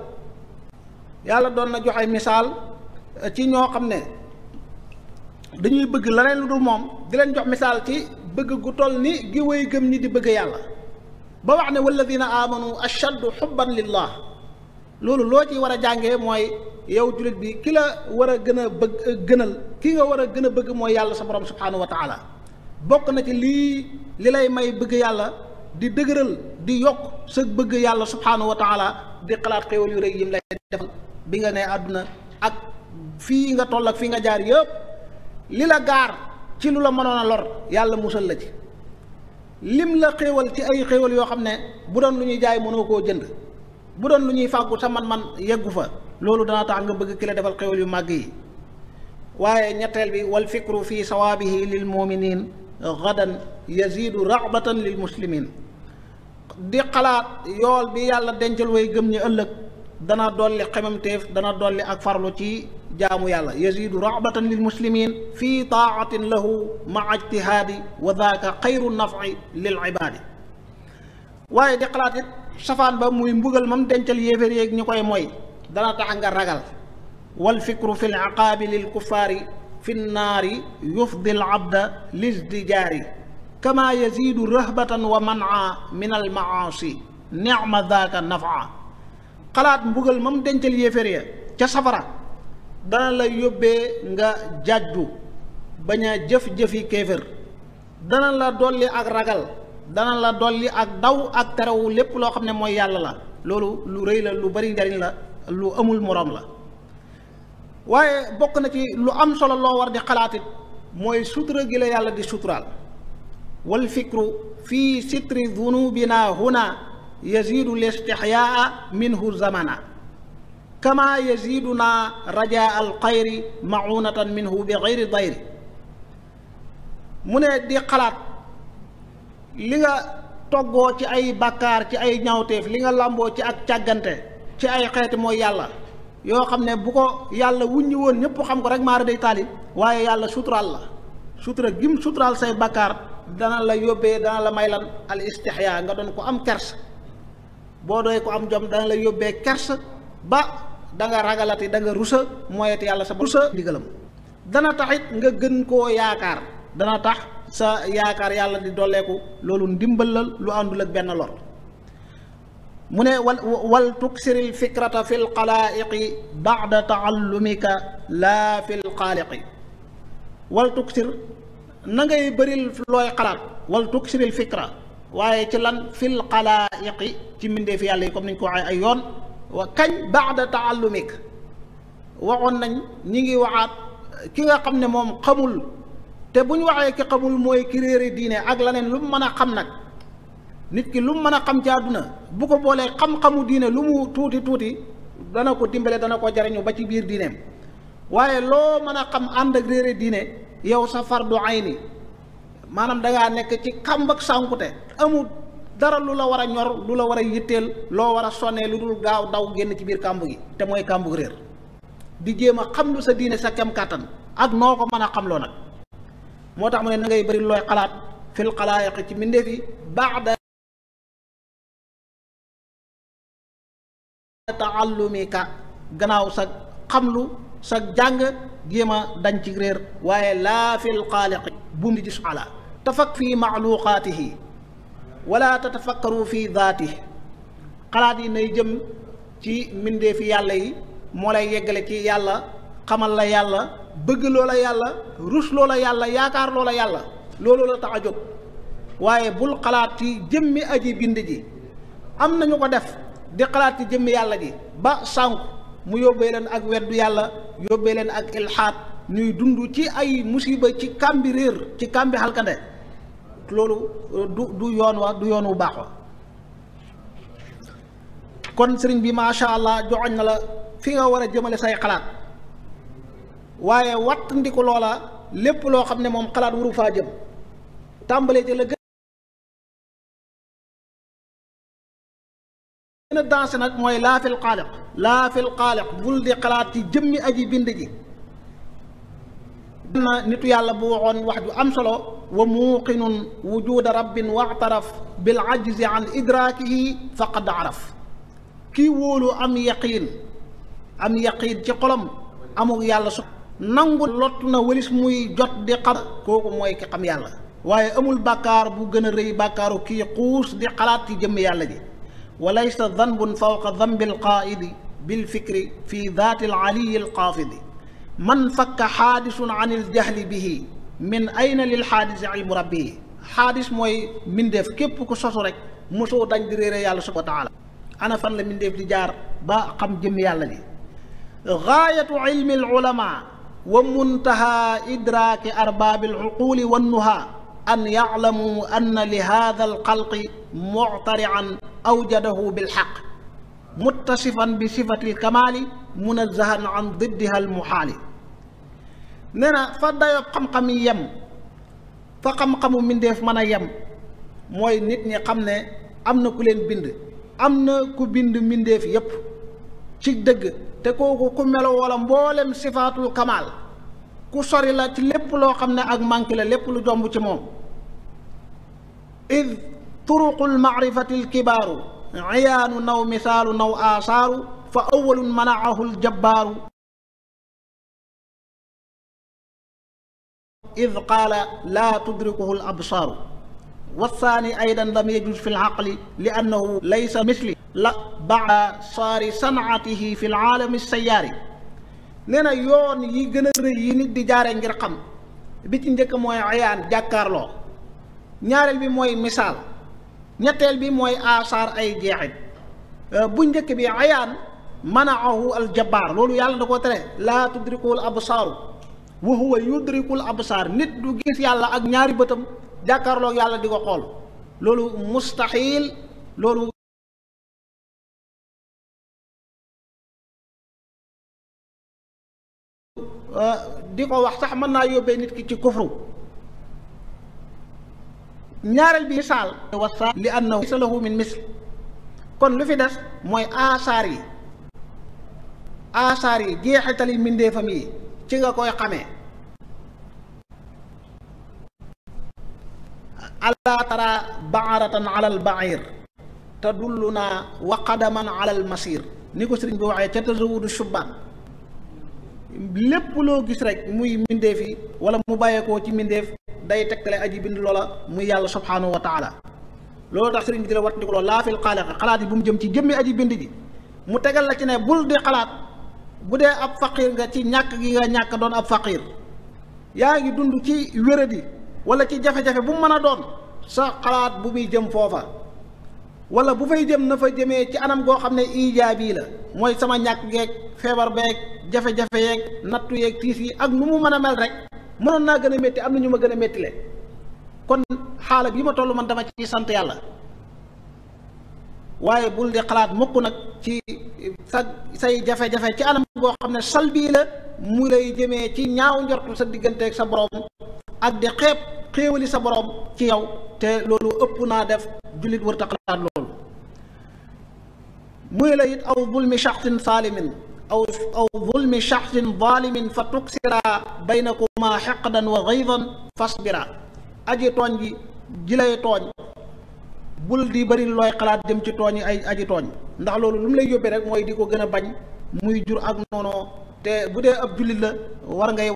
yàlla doon na joxe misaal ci ñoo xam ne dañuy bëgg leneen lu dul moom di leen jox misaal ci bëgg gu toll ni gi way gëm ñi di bëgg yàlla ba wax ne walladina amanu ashaddu xubban lillah loolu loo ci war a jànge mooy yow jullit bi ki la war a gën a bëgg gënal ki nga war a gën a bëgg mooy yàlla sa borom subhanahu wa taala bokk na ci lii li lay may bëgg yàlla di dëgëral di yokk sa bëgg yàlla subhanahu wa taala di xalaat xéwal yu rëy yim lay defal bi nga ne àdduna ak fii nga toll ak fii nga jaar yëpp li la gaar ci lu la mënoon a lor yàlla musal la ci lim la xéewal ci ay xéewal yoo xam ne bu doon lu ñuy jaay mënoo koo jënd bu doon lu ñuy fàggu sa man-man yeggu fa loolu dana tax nga bëgg ki la defal xéewal yu màgg yi waaye ñetteel bi wal fikru fi sawaabihi lil muminin gadan yazidu raxbatan lil muslimin di xalaat yool bi yàlla dencal way gëm ñi ëllëg dana dolli xemamteef dana dolli ak farlu ci jaamu yàlla yazidu rahbatan lil muslimin fi taatin lahu maa ijtihaadi wa daaka xayru nafi lil ibaadi waaye di xalaat it safaan ba muy mbugal mam dencal yéefér yéeg ñu koy mooy dana tax nga ragal wal fi l iqaabi lil kuffaari fi nnaari yufdi l abda lisdijaari kama yazidu rahbatan wa manaa min al maasi nicma daaka nafa xalaat mbugal mam dencal yéeféer ya ca safara dana la yóbbee nga jàjju bañ a jëf-jëfi kéefér dana la dolli ak ragal dana la dolli ak ndaw ak terewu lépp loo xam ne mooy yàlla la loolu lu rëy la lu bari njariñ la lu amul moroom la waaye bokk na ci lu am solo loo war di xalaatit mooy sutura gi la yàlla di suturaal wal fikru fii sitri dunubina huna yazidu listixyaa minhu zamana kama yaziduna rajaa al xayri maunatan minhu bi xayri dayri mu ne di xalaat li nga toggoo ci ay bàkkaar ci ay ñawteef li nga làmboo ci ak càggante ci ay xeeti mooy yàlla yoo xam ne bu ko yàlla wuñ wuññi woon ñëpp xam ko rek maara day taali waaye yàlla suturaal la sutura gim suturaal say bàkkaar dana la yóbbee dana la may lan al istixya nga doon ko am kersa boo doy ko am jom dana la yóbbee kersa ba danga ragalati da rusa mooyati yàlla sa rusa ndigalam dana taxit nga gën koo yaakaar dana tax sa yaakaar yàlla di dolleeku loolu ndimbalal lu àndul ak benn lor mu ne wal wal tuksiril fikrata fi lxalaaiqi baada taallumika laa fi lxaaliqi wal tuksir na ngay bëril looy xalaat wal tuksiril fikra waaye ci lan fil xalaayiqi ci mbindeef yàlla yi comme niñ ko waxee ay yoon wa kañ baada taallumik waxoon nañ ñi ngi waxaat ki nga xam ne moom xamul te bu ñu waxee ki xamul mooy ki réere diine ak leneen lu mu mën a xam nag nit ki lu mu mën a xam ci àdduna bu ko boolee xam-xamu diine lu mu tuuti tuuti dana ko dimbale dana ko jariñu ba ci biir diineem waaye loo mën a xam ànd ak réere diine yow sa fardu ayni maanaam dangaa nekk ci kàmb ak sànkute amul dara lu la war a ñor lu la war a yitteel loo war a sonee lu dul gaaw daw génn ci biir kàmb gi te mooy kàmbu réer di jéem a xam lu sa diine sa kem kàttan ak noo ko mën a xamloo nag moo tax mu ne na ngay bëri looy xalaat fil xalaayiq ci mbindeef yi baada taallumika gannaaw sa xam lu sa jàng jéem a dañ ci réer waaye laa fil xaaliq bu mu di gis ala tafak fii maxluqaatihi wala tatafakkaru fii daatihi xalaat yi nay jëm ci mbindee fi yàlla yi moo lay yeggale ci yàlla xamal la yàlla bëgg la yàlla rus la yàlla yaakaar loola yàlla loolu la tax a jóg waaye bul xalaat ci jëmmi aji bind ji am nañu ko def di xalaat ci jëmmi yàlla ji ba sànq mu yóbbee leen ak weddu yàlla yóbbee leen ak ilxaat ñuy dund ci ay musiba ci kàmbi réer ci kàmbi xalkande loolu du du yoon wa du yoon wu baax wa kon sëriñ bi macha allah joxoñ na la fi nga war a jëmale say xalaat waaye watt loola lépp loo xam ne moom xalaat waru faa jëm tàmbalee ci la gën a dansé nag mooy laafil xaaliq laafil xaaliq bul di xalaat ci jëmmi aji bind ji na nitu yàlla bu waxoon wax ju am solo wa muuqinun wujuda rabbin waxtaraf bil ajzi an idraakihi faqad araf kii wóolu am yaqiin am yaqiin ci xolam amul yàlla su nangu lott na walis muy jot di xam kooku mooy ki xam yàlla waaye amul bàkkaar bu gën a rëy bàkkaaru kii xuus di xalaat ci jëmm yàlla ji wa laysa danbun fawqa danbi alqaaidi bilfikri fi daati alaliyi alqaafidi man fakka xaadisun an aljahli bihi min ayna lil xaadis ilmu rabbi yi xaadis mooy mbindeef képp ku sosu rek mosoo dañ di réere yàlla subhaana taala ana fan la mbindeef di jaar ba xam jëm yàlla ji gaayatu ilmi al ulama wa muntaha idraaki arbaabi al uquuli wa nuha an yaclamu anna li hada al xalqi muctarian awjadahu bilxaq muttasifan bi sifati al kamaali munazahan an diddiha al muxaali nee na fa dayoo xam-xam yi yem fa xam-xamu mbindeef mën a yem mooy nit ñi xam ne am na ku leen bind am na ku bind mbindeef yépp ci dëgg te kooku ku melo wala mboolem sifaatul kamaal ku sori la ci lépp loo xam ne ak manqué lépp lu jomb ci moom id turuqul maarifatil kibaaru iyaanu naw misaalu naw aasaaru fa awwalun manaahu aljabaaru id qaala laa tudrikuhu al absaaru والثاني أيضا la bada saari sanaatihi fi laalami sayyaari nee na yoon yi gën a rëy yi nit di jaare ngir xam bi ci njëkk mooy ayaan jàkkaarloo bi mooy misaal ñetteel bi mooy aasaar ay jeexit euh, njëkk bi ayaan yàlla da ko tere laa tudrikuhu al wa huwa yudrikul absaar nit du gis yàlla ak ñaari bëtam jàkkaarloog yàlla di ko xool loolu mustaxil loolu euh, di ko wax sax mën naa yóbbee nit ki ci kufru ñaareel bi misaal wasa li annahu laysa lahu min misl kon lu fi des mooy aasaar yi aasaar yi jeexital yi mbindeefam yi ci nga koy xamee alaa tara baaratan alal bair tadulluna wa qadaman alal masir ni ko sëriñ bi waxee ca tazawudu shubban lépp loo gis rek muy mbindeef yi wala mu bàyyeekoo ci mbindeef day tegtale aji bind loola mu yàlla subhaanahu wa taala loolu tax sëriñ bi di la wattandiku loolu laa fil xaaliqi xalaat yi bu mu jëm ci jëmmi aji bind ji mu tegal la ci ne bul di xalaat bu dee ab faqir nga ci ñàkk gi nga ñàkk doon ab faqir yaa ngi dund ci wéradi wala ci jafe-jafe bu mën a doon sa xalaat bu muy jëm foofa wala bu fay jëm na fa jëmee ci anam goo xam ne ijaabi la mooy sama ñàkk geeg feebar beeg jafe-jafe yeeg nattu yeeg tiis yi ak nu mu mën a mel rek mënoon naa gën a métti am na ñu ma gën a métti kon xaala bi ma toll man dama ci sant yàlla waaye bul di xalaat mukk nag ci sa say jafe-jafe ci anam boo xam ne salbi la mu lay jëmee ci ñaaw njortu sa digganteeg sa borom ak di xeeb xéewali sa borom ci yow te loolu ëpp naa def jullit wërta xalaat loolu muy la it aw zulmi shaxsin saalimin aw aw zulmi shaxsin zaalimin fa tuksira baynakuma xeqdan wa gaydan fasbira aji tooñ ji ji tooñ bul di bëri looy xalaat jëm ci tooñ ay aji tooñ ndax loolu lu mu lay yóbbee rek mooy di ko gën a bañ muy jur ak noonu te bu dee ab jullit la war ngay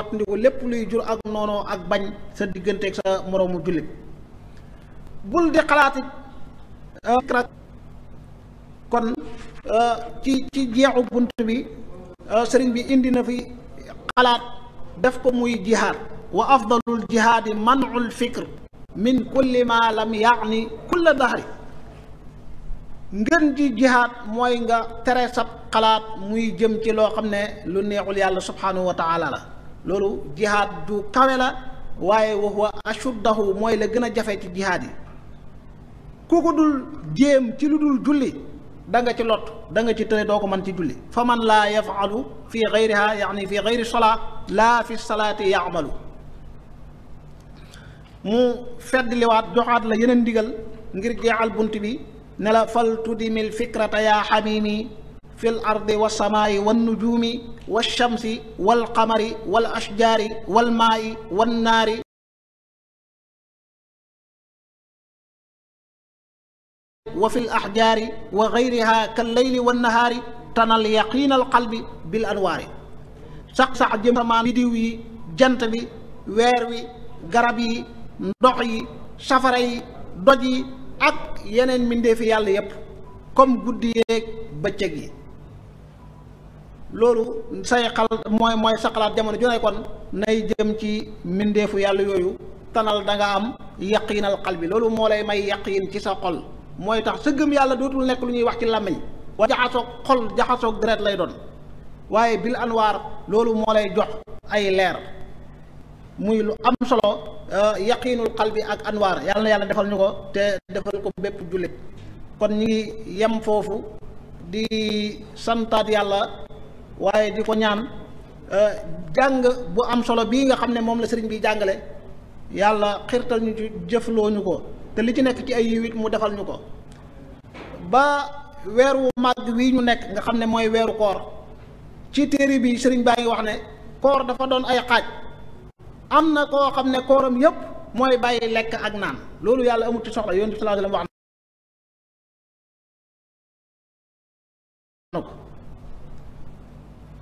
wattandiku lépp luy jur ak noonoo ak bañ sa digganteeg sa moroomu jullit bul di xalaati euh, kon euh, ci ci jeexu bunt bi euh, sëriñ bi indi na fi xalaat def ko muy jihaad wa afdalul jihaadi manul fikr min kulli ma lam yaani kulla dahri ngën ji jihaad mooy nga tere sab xalaat muy jëm ci loo xam ne lu neexul yàlla subhanahu wa la loolu jihaad du kawe la waaye wa huwa ashuddahu mooy la gën a jafe ci jihaad yi ku ko dul jéem ci lu dul julli danga ci lot danga ci tëre doo ko mën ci julli fa man laa yafalu fi gayriha yaani fi gayri solaa laa fi salaati yaamalu mu fedd liwaat joxaat la yeneen ndigal ngir jeexal bunt bi ne la fal tudimil fikrata yaa xamimi fi l ardi walsamaai walnujuumi walchamsi walqamari wal ashjaari walmaayi wannaari wa fi l ahjaari wa geyriha kalleyli wannahaari tanal yaqiina alqalbi bil anwaari sax-sax jëm samaan bidiw yi jant bi weer wi garab yi ndox yi safara yi doj yi ak yeneen mbindeefi yàlla yépp comme guddi yeeg bëccëg yi loolu say xal mooy mooy sa xalaat jamono ju ne kon nay jëm ci mbindeefu yàlla yooyu tanal danga nga am yaqiinal xal bi loolu moo lay may yaqiin ci sa xol mooy tax sa gëm yàlla dootul nekk lu ñuy wax ci làmmiñ wa jaxasoog xol jaxasoog deret lay doon waaye bil anwaar loolu moo lay jox ay leer muy lu am solo euh, yaqiinul xal bi ak anwaar yàlla yàlla defal ñu ko te defal ko bépp jullit kon ñu ngi yem foofu di santaat yàlla waaye di ko ñaan euh, jàng bu am solo bii nga xam ne moom la sëriñ bi jàngale yàlla xirtal ñu ci jëfloo ko te li ci nekk ci ay yiwit mu defal ñu ko ba weer wu màgg wii ñu nekk nga xam ne mooy weeru koor ci téere bi sëriñ baa ngi wax ne koor dafa doon ay xaaj am na koo xam ne kooram yépp mooy bàyyi lekk ak naan loolu yàlla amut ci soxla yoon bi sallallahu alayhi wa sallam wax na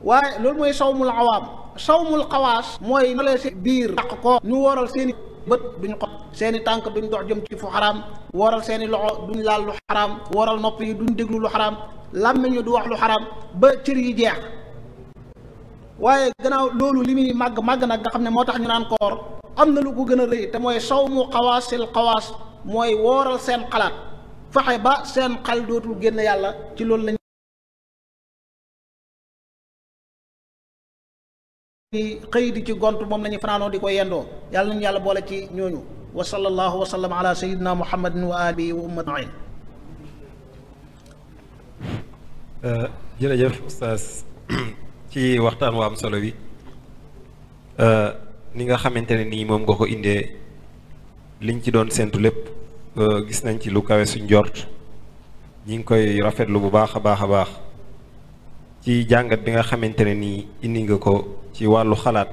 waaye loolu mooy sawmul awaam sawmul xawaas mooy nole si biir dàq ko ñu waral seeni bët duñ xool seeni tànk duñ dox jëm ci fu xaraam waral seeni loxo duñ laal lu xaraam waral nopp yi duñu déglu lu xaraam làmmiñu du wax lu xaraam ba cër yi jeex waaye gannaaw loolu li muy màgg màgg nag nga xam ne moo tax ñu naan koor am na lu ko gën a rëy te mooy sawmu xawaasil xawaas mooy wooral seen xalaat fexe ba seen xal dootul génn yàlla ci loolu lañ di di ci gont moom la ñu di ko yendoo yàlla nañu yàlla boole ci ñooñu wa sallallahu wa sallam ala sayyidina muhammadin wa alihi wa ummatin uh, jërëjëf oustaz (coughs) ci waxtaan wa am solo bi uh, ni nga xamante ne nii moom nga ko indee liñ ci doon séntu lépp uh, gis nañ ci lu kawe suñ jort ñi ngi koy rafetlu bu baax a baax a baax ci jàngat bi nga xamante ne nii indi nga ko ci wàllu xalaat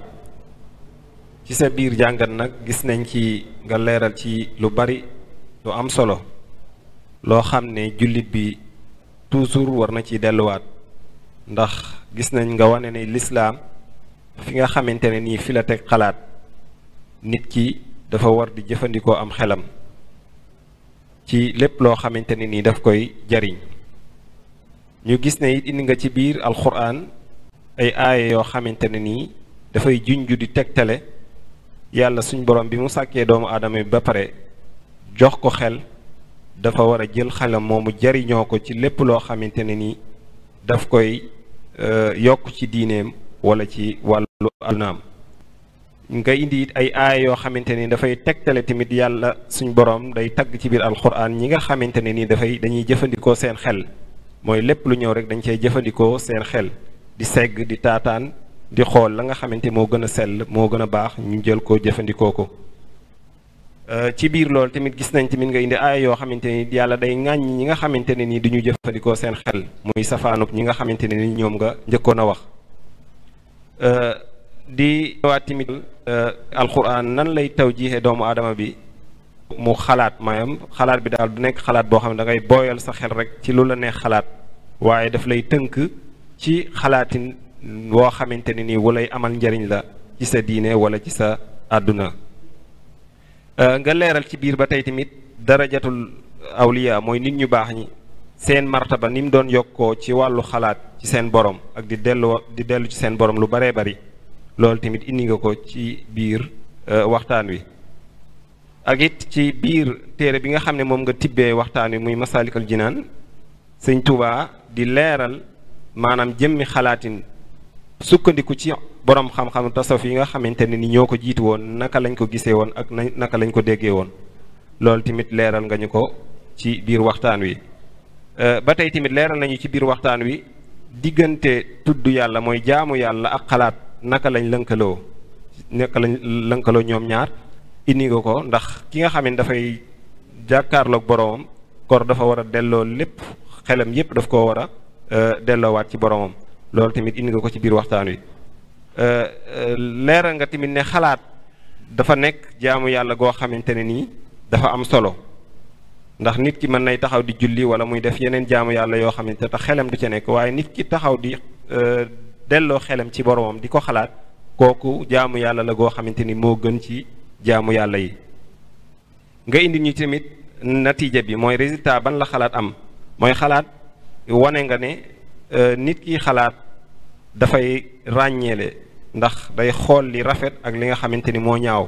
ci sa biir jàngat nag gis nañ ci nga leeral ci lu bari lu am solo loo xam ne jullit bi toujours war na ci delluwaat ndax gis nañ nga wane ne lislaam fi nga xamante ne nii fi la teg xalaat nit ki dafa war di jëfandikoo am xelam ci lépp loo xamante ne nii daf koy jariñ ñu gis ne it indi nga ci biir alxuraan ay aaya yoo xamante ne nii dafay juñju di tegtale yàlla suñ borom bi mu sàkkee doomu aadama bi ba pare jox ko xel dafa war a jël xelam moomu jariñoo ko ci lépp loo xamante ne nii daf koy e, yokk ci diineem wala ci wàllu adunaam nga indi it ay aaya yoo xamante ni dafay tegtale tamit yàlla suñ borom day tagg ci biir alxuraan ñi nga xamante ne nii dafay dañuy jëfandikoo seen xel mooy lépp lu ñëw rek dañ cee jëfandikoo seen xel di segg di taataan di xool la nga xamante moo gën a sell moo gën a baax ñu jël ko jëfandikoo ko euh, ci biir loolu tamit gis nañ tamit nga indi aaya yoo xamante ni yàlla day ŋàññi ñi nga xamante ne ni du jëfandikoo seen xel muy safaanub ñi nga xamante ne ni ñoom nga njëkkoon a wax euh, di ñëwaat tamit euh, alquran nan lay taw jiixee doomu aadama bi mu xalaat maanaam xalaat bi daal du nekk xalaat boo xam ne dangay booyal sa xel rek ci lu la neex xalaat waaye daf lay tënk ci xalaatin woo xamante ne nii walay amal njariñ la ci sa diine wala ci sa àdduna euh, nga leeral ci biir ba tey tamit dara jatul awliya mooy nit ñu baax ñi seen martaba ni mu doon yokkoo ci wàllu xalaat ci seen borom ak di dellu di dellu ci seen borom lu baree bari loolu tamit indi nga ko ci biir euh, waxtaan wi ak it ci biir téere bi nga xam ne moom nga tibbee waxtaan wi muy masaalikal jinaan sëñ Tuubaa di leeral maanaam jëmmi xalaatin sukkandiku ci borom xam-xam tasawuf yi nga xamante ne ni ñoo ko jiit woon naka lañ ko gisee woon ak naka lañ ko déggee woon loolu tamit leeral nga ñu ko ci biir waxtaan wi euh, ba tey tamit leeral nañu ci biir waxtaan wi diggante tudd yàlla mooy jaamu yàlla ak xalaat naka lañ lënkaloo naka lañ lënkaloo ñoom ñaar indi nga ko ndax ki nga xam dafay jàkkaarloog boromam kor dafa war a delloo lépp xelam yépp daf koo war a euh, delloowaat ci boromam loolu tamit indi nga ko ci biir waxtaan wi. Euh, euh, leeral nga tamit ne xalaat dafa nekk jaamu yàlla goo xamante ne nii dafa am solo ndax nit ki mën nay taxaw di julli wala muy def yeneen jaamu yàlla yoo xamante te xelam du ci nekk waaye nit ki taxaw di delloo xelam ci boromam di ko xalaat kooku jaamu yàlla la goo xamante ni moo gën ci. jaamu yàlla yi nga indi ni tamit natiija bi mooy résultat ban la xalaat am mooy xalaat wane nga ne e, nit ki xalaat dafay ràññeele ndax day xool li rafet ak li nga xamante ni moo ñaaw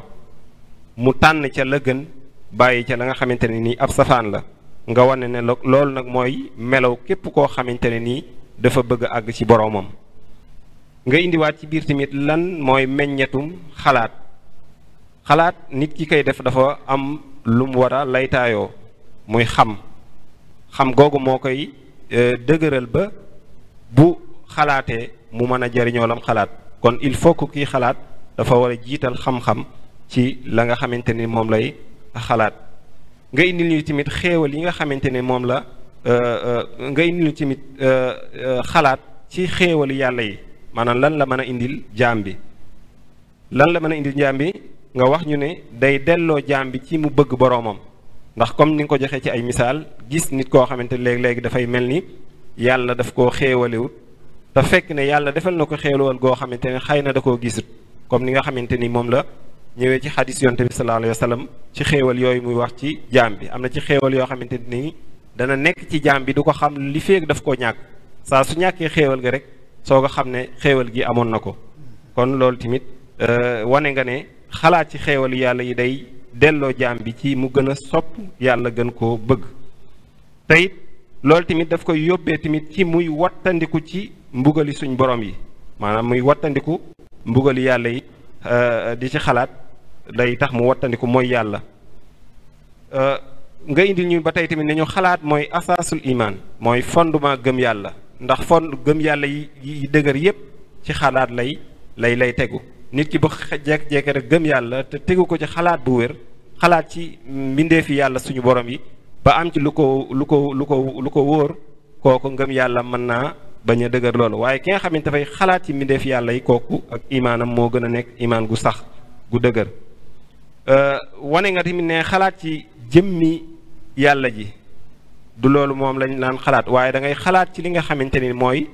mu tànn ca la gën bàyyi ca la nga xamante ni nii ab safaan la nga wane ne loolu nag mooy melow képp koo xamante ne nii dafa bëgg a àgg ci boroomam nga indiwaat ci biir tamit lan mooy meññetum xalaat xalaat nit ki kay def dafa am lu mu war a laytaayoo muy xam xam googu moo koy euh, dëgëral ba bu xalaatee mu mën a jariñoo xalaat kon il faut que ki xalaat dafa war a jiital xam-xam ci la nga xamante ni moom lay xalaat nga indil ñu tamit xéewal yi nga xamante ne moom la euh, euh, nga indil ñu tamit xalaat ci xéewali yàlla yi maanaam lan la mën a indil jaam bi la mën a indil jaam bi nga wax ñu ne day delloo jaam bi ci mu bëgg boroomam ndax comme ni nga ko joxee ci ay misaal gis nit koo xamante léegi-léegi dafay mel ni yàlla daf koo xéewalewut te fekk ne yàlla defal na ko xéewal goo xamante ne xëy na da koo gisut comme ni nga xamante ni moom la ñëwee ci xadis yonte bi salaa alayhi wa sallam ci xéewal yooyu muy wax ci jaam bi am na ci xéewal yoo xamante ni dana nekk ci jaam bi du ko xam li feeg daf koo ñàkk saa su ñàkkee xéewal ga rek soo ko xam ne xéewal gi amoon na ko kon loolu tamit euh, wane nga ne xalaat ci xeewal yàlla yi day delloo jaam bi ci mu gën a sopp yàlla gën koo bëgg te it loolu tamit daf ko yóbbee tamit ci muy wattandiku ci mbugali suñ borom yi maanaam muy wattandiku mbugali yàlla yi euh, di ci xalaat day tax mu wattandiku mooy yàlla euh, nga indi ñu ba tey tamit ne ñu xalaat mooy asaasul imaan mooy fondement gëm yàlla ndax fond gëm yàlla yi yi dëgër yépp ci xalaat lay lay lay tegu nit ki bu jekk-jekk rek gëm yàlla te tegu ko ci xalaat bu wér xalaat ci mbindeefi yàlla suñu borom yi ba am ci lu ko lu ko lu ko lu ko wóor kooku ngëm yàlla mën naa bañ a dëgër loolu waaye ki nga xam ne dafay xalaat ci mbindeef yàlla yi kooku ak imaanam moo gën a nekk imaan gu sax gu dëgër euh, wane nga tamit ne xalaat ci jëmmi yàlla ji du loolu moom lañ naan xalaat waaye da ngay xalaat ci li nga xamante ni mooy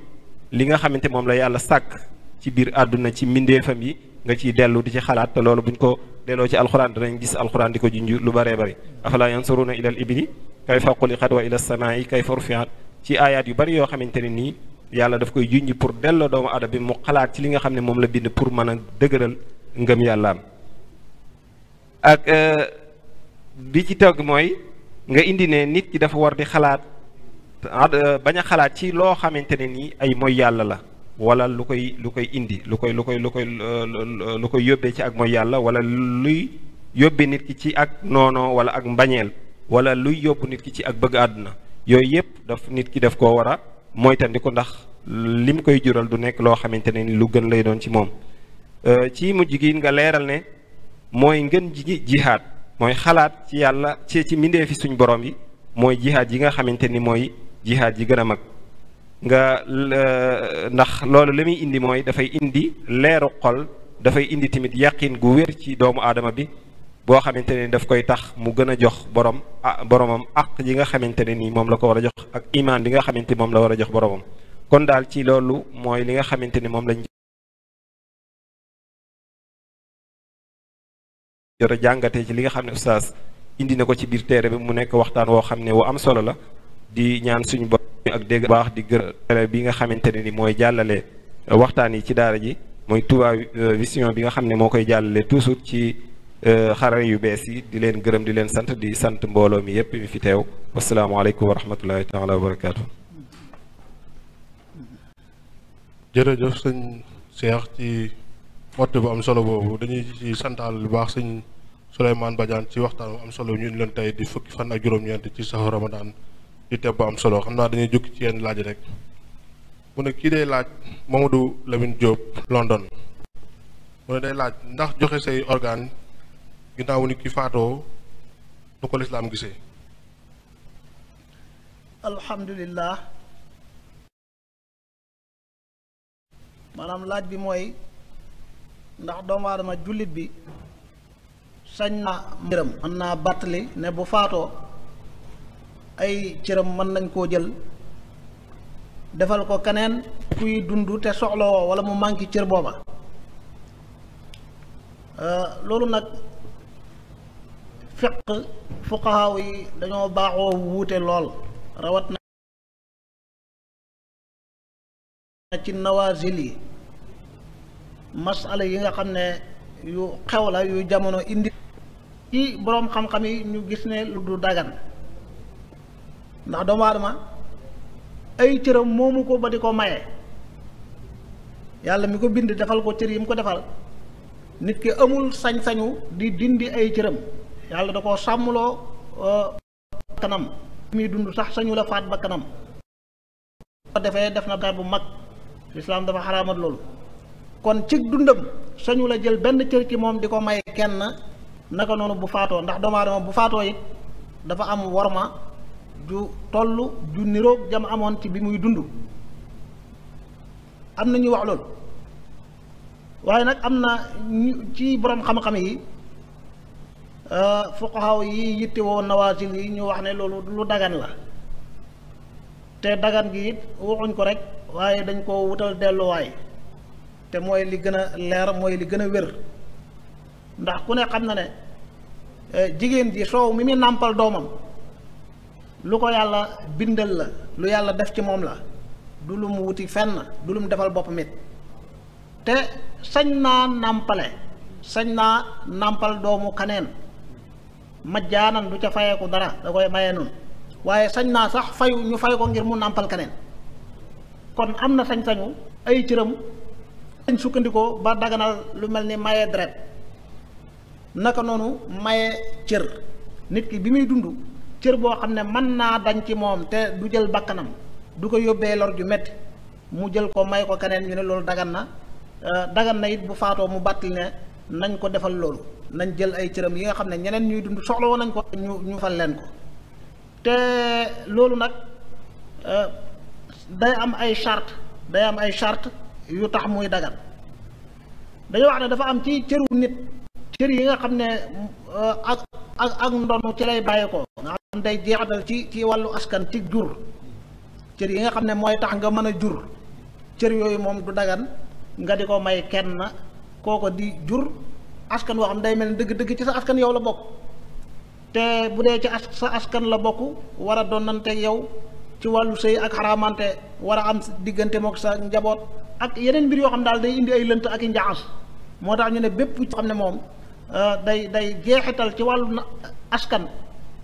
li nga xamante moom la yàlla sàkk ci biir àdduna ci mbindeefam yi nga ciy dellu di ci xalaat te loolu buñ ko delloo ci alxuraan danañ gis alxuraan di ko junj lu bëree bëri afala yansuruna ila al ibili kayfa xuliqat wa ila samaai kayfa rufiat ci aayaat yu bëri yoo xamante ne nii yàlla daf koy junj pour delloo doomu aadama bi mu xalaat ci li nga xam ne moom la bind pour mën a dëgëral ngëm yàllaam ak euh, bi ci teg mooy nga indi ne nit ki dafa war di xalaat euh, bañ xalaat ci loo xamante ne nii ay yàlla la wala lu koy lu koy indi lu koy lu koy lu koy lu koy yóbbee ci ak mooy yàlla wala luy yóbbee nit ki ci ak noonoo wala ak mbañeel wala luy yóbbu nit ki ci ak bëgg àdduna yooyu yëpp daf nit ki daf koo war a moytandiku ndax lim koy jural du nekk loo xamante ne lu gën lay doon ci moom euh, ci mujj gi nga leeral ne mooy ngën ji jihaad mooy xalaat ci yàlla ci ci fi suñ borom yi mooy jihaad yi nga xamante ni mooy jihaad yi gën a mag nga euh, ndax loolu la muy indi mooy dafay indi leeru xol dafay indi tamit yàqin gu wér ci doomu aadama bi boo xamante ne daf koy tax mu gën a jox borom boromam ak yi nga xamante ne nii moom la ko war a jox ak imaan bi nga xamante ni moom la war a jox boromam kon daal ci loolu mooy li nga xamante ni moom lañ jot a jàngatee ci li nga xam ne oustaz indi na ko ci biir téere bi mu nekk waxtaan woo xam ne wu am solo la di ñaan suñu bopp ak dégg baax di gër bi nga xamante ne ni mooy jàllale waxtaan yi ci daara ji mooy Touba euh, vision bi nga xam ne moo koy jàllale toujours ci euh, xarala yu bees yi di leen gërëm di leen sant di sant mbooloo mi yépp yu fi teew wasalaamaaleykum wa rahmatullahi taala wa barakaatu. jërëjëf sëñ Cheikh ci motte bu am solo boobu dañuy ci santaal bu baax sëñ Souleymane Badiane ci waxtaan bu am solo ñu indi leen tey di fukki fan ak juróom-ñeent ci saxu Ramadan. ci thème bu am solo xam naa dañuy jóg ci yenn laaj rek mu ne kii day laaj Mamadou Lamine Diop London mu ne day laaj ndax joxe say organe ginnaawu ni ki faatoo nu ko lislaam gisee alhamdulilah maanaam laaj bi mooy ndax doomu aadama jullit bi sañ na mbiram mën ne bu faatoo ay cëram mën nañ koo jël defal ko keneen kuy dund te soxlawoo wala mu manqué cër booba euh, loolu nag fiq fuqahaaw yi dañoo baaxoo wuute lool rawat na ci nawazil yi masala yi nga xam ne yu xew la yu jamono indi ci boroom xam-xam yi ñu gis ne lu du dagan ndax doomu aadama ay cëram moomu ko ba di ko maye yàlla mi ko bind defal ko cër yi mu ko defal nit ki amul sañ-sañu di dindi ay cëram yàlla da ko sàmmloo bakkanam euh, muy dund sax sañu la faat bakkanam ko defee def na bu mag lislaam dafa xaraamat loolu kon ci dundam sañu jël benn cër ki moom di ko may kenn naka noonu bu faatoo ndax doomu aadama bu faatoo it dafa am worma ju toll ju niroog jam amoon ci bi muy dund am na ñuy wax loolu waaye nag am na ci borom xam-xam yi euh, fuqahaw yi yittewoo nawaasil yi ñu wax ne loolu lu dagan la te dagan gi it waxuñ ko rek waaye dañ ko wutal delluwaay te mooy li gën a leer mooy li gën a wér ndax ku ne xam na ne euh, jigéen ji soow mi muy nàmpal doomam lu ko yàlla bindal la lu yàlla def ci moom la du lu wuti fenn du lu defal bopp it te sañ naa nàmpale sañ naa nàmpal doomu kaneen jaanam du ca fayeeku dara da koy maye noonu waaye sañ naa sax fayu ñu fay ko ngir mu nàmpal kaneen kon am na sañ-sañu ay cëram sañ sukkandikoo ba daganal lu mel ni maye dret naka noonu maye cër nit ki bi muy dund cër boo xam ne mën naa dañ ci moom te du jël bàkkanam du ko yóbbee lor ju metti mu jël ko may ko keneen ñu ne loolu dagan na euh, dagan na it bu faatoo mu bàttali ne nañ ko defal loolu nañ jël ay cëram yi nga xam ne ñeneen ñuy dund soxla woon nañ ko ñu ñu fal leen ko te loolu nag euh, day am ay charte day am ay charte yu tax muy dagan dañu wax ne dafa am ci cëru nit cër yi nga xam ne euh, ak ak ak ndonu ci lay bàyyi ko nga xam day jeexatal ci ci wàllu askan ci jur cër yi nga xam ne mooy tax nga mën a jur cër yooyu moom du dagan nga di ko may kenn kooko di jur askan woo xam day mel ni dëgg-dëgg ci sa askan yow la bokk te bu dee ci as askan la bokk war a donnante yow ci wàllu sëy ak xaraamante war a am diggante mook sa njaboot ak yeneen mbir yoo xam daal day indi ay lënt ak i njaxas moo tax ñu ne bépp xam ne moom Euh, day day jeexital ci wàllu askan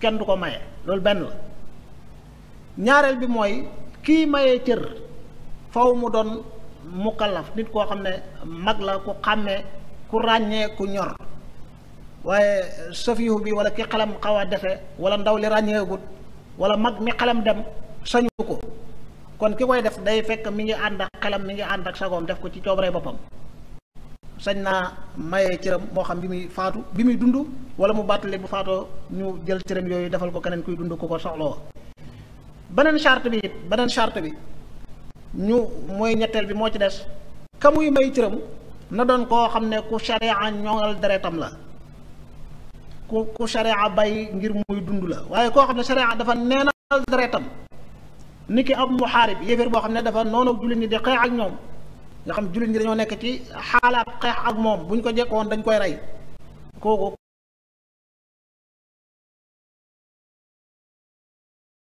kenn du ko maye loolu benn la ñaareel bi mooy kii maye cër faw mu doon mukallaf nit koo xam ne mag la ku xàmmee ku ràññeeku ñor waaye safihu bi wala ki xelam xaw a defe wala ndaw li ràññeegut wala mag mi xelam dem sañu ko kon ki koy def day fekk mi ngi ànd ak xelam mi ngi ànd ak sagoom def ko ci coobare boppam sañ naa maye cëram moo xam bi muy faatu bi muy dund wala mu bàttalee bu faatoo ñu jël cëram yooyu defal ko keneen kuy dund ku ko soxloo beneen chart bi beneen charte bi ñu mooy ñetteel bi moo ci des ka muy may cëram na doon koo xam ne ku sharia ñoŋal deretam la ku ku sharia bay ngir muy dund la waaye koo xam ne sharia dafa neenal deretam ni ki ab muxaarib yéeféer boo xam ne dafa noonu jullit ñi di xeex ak ñoom nga xam jullit ñi dañoo nekk ci xaalaat xeex ak moom bu ko jekkoon dañ koy rey kooku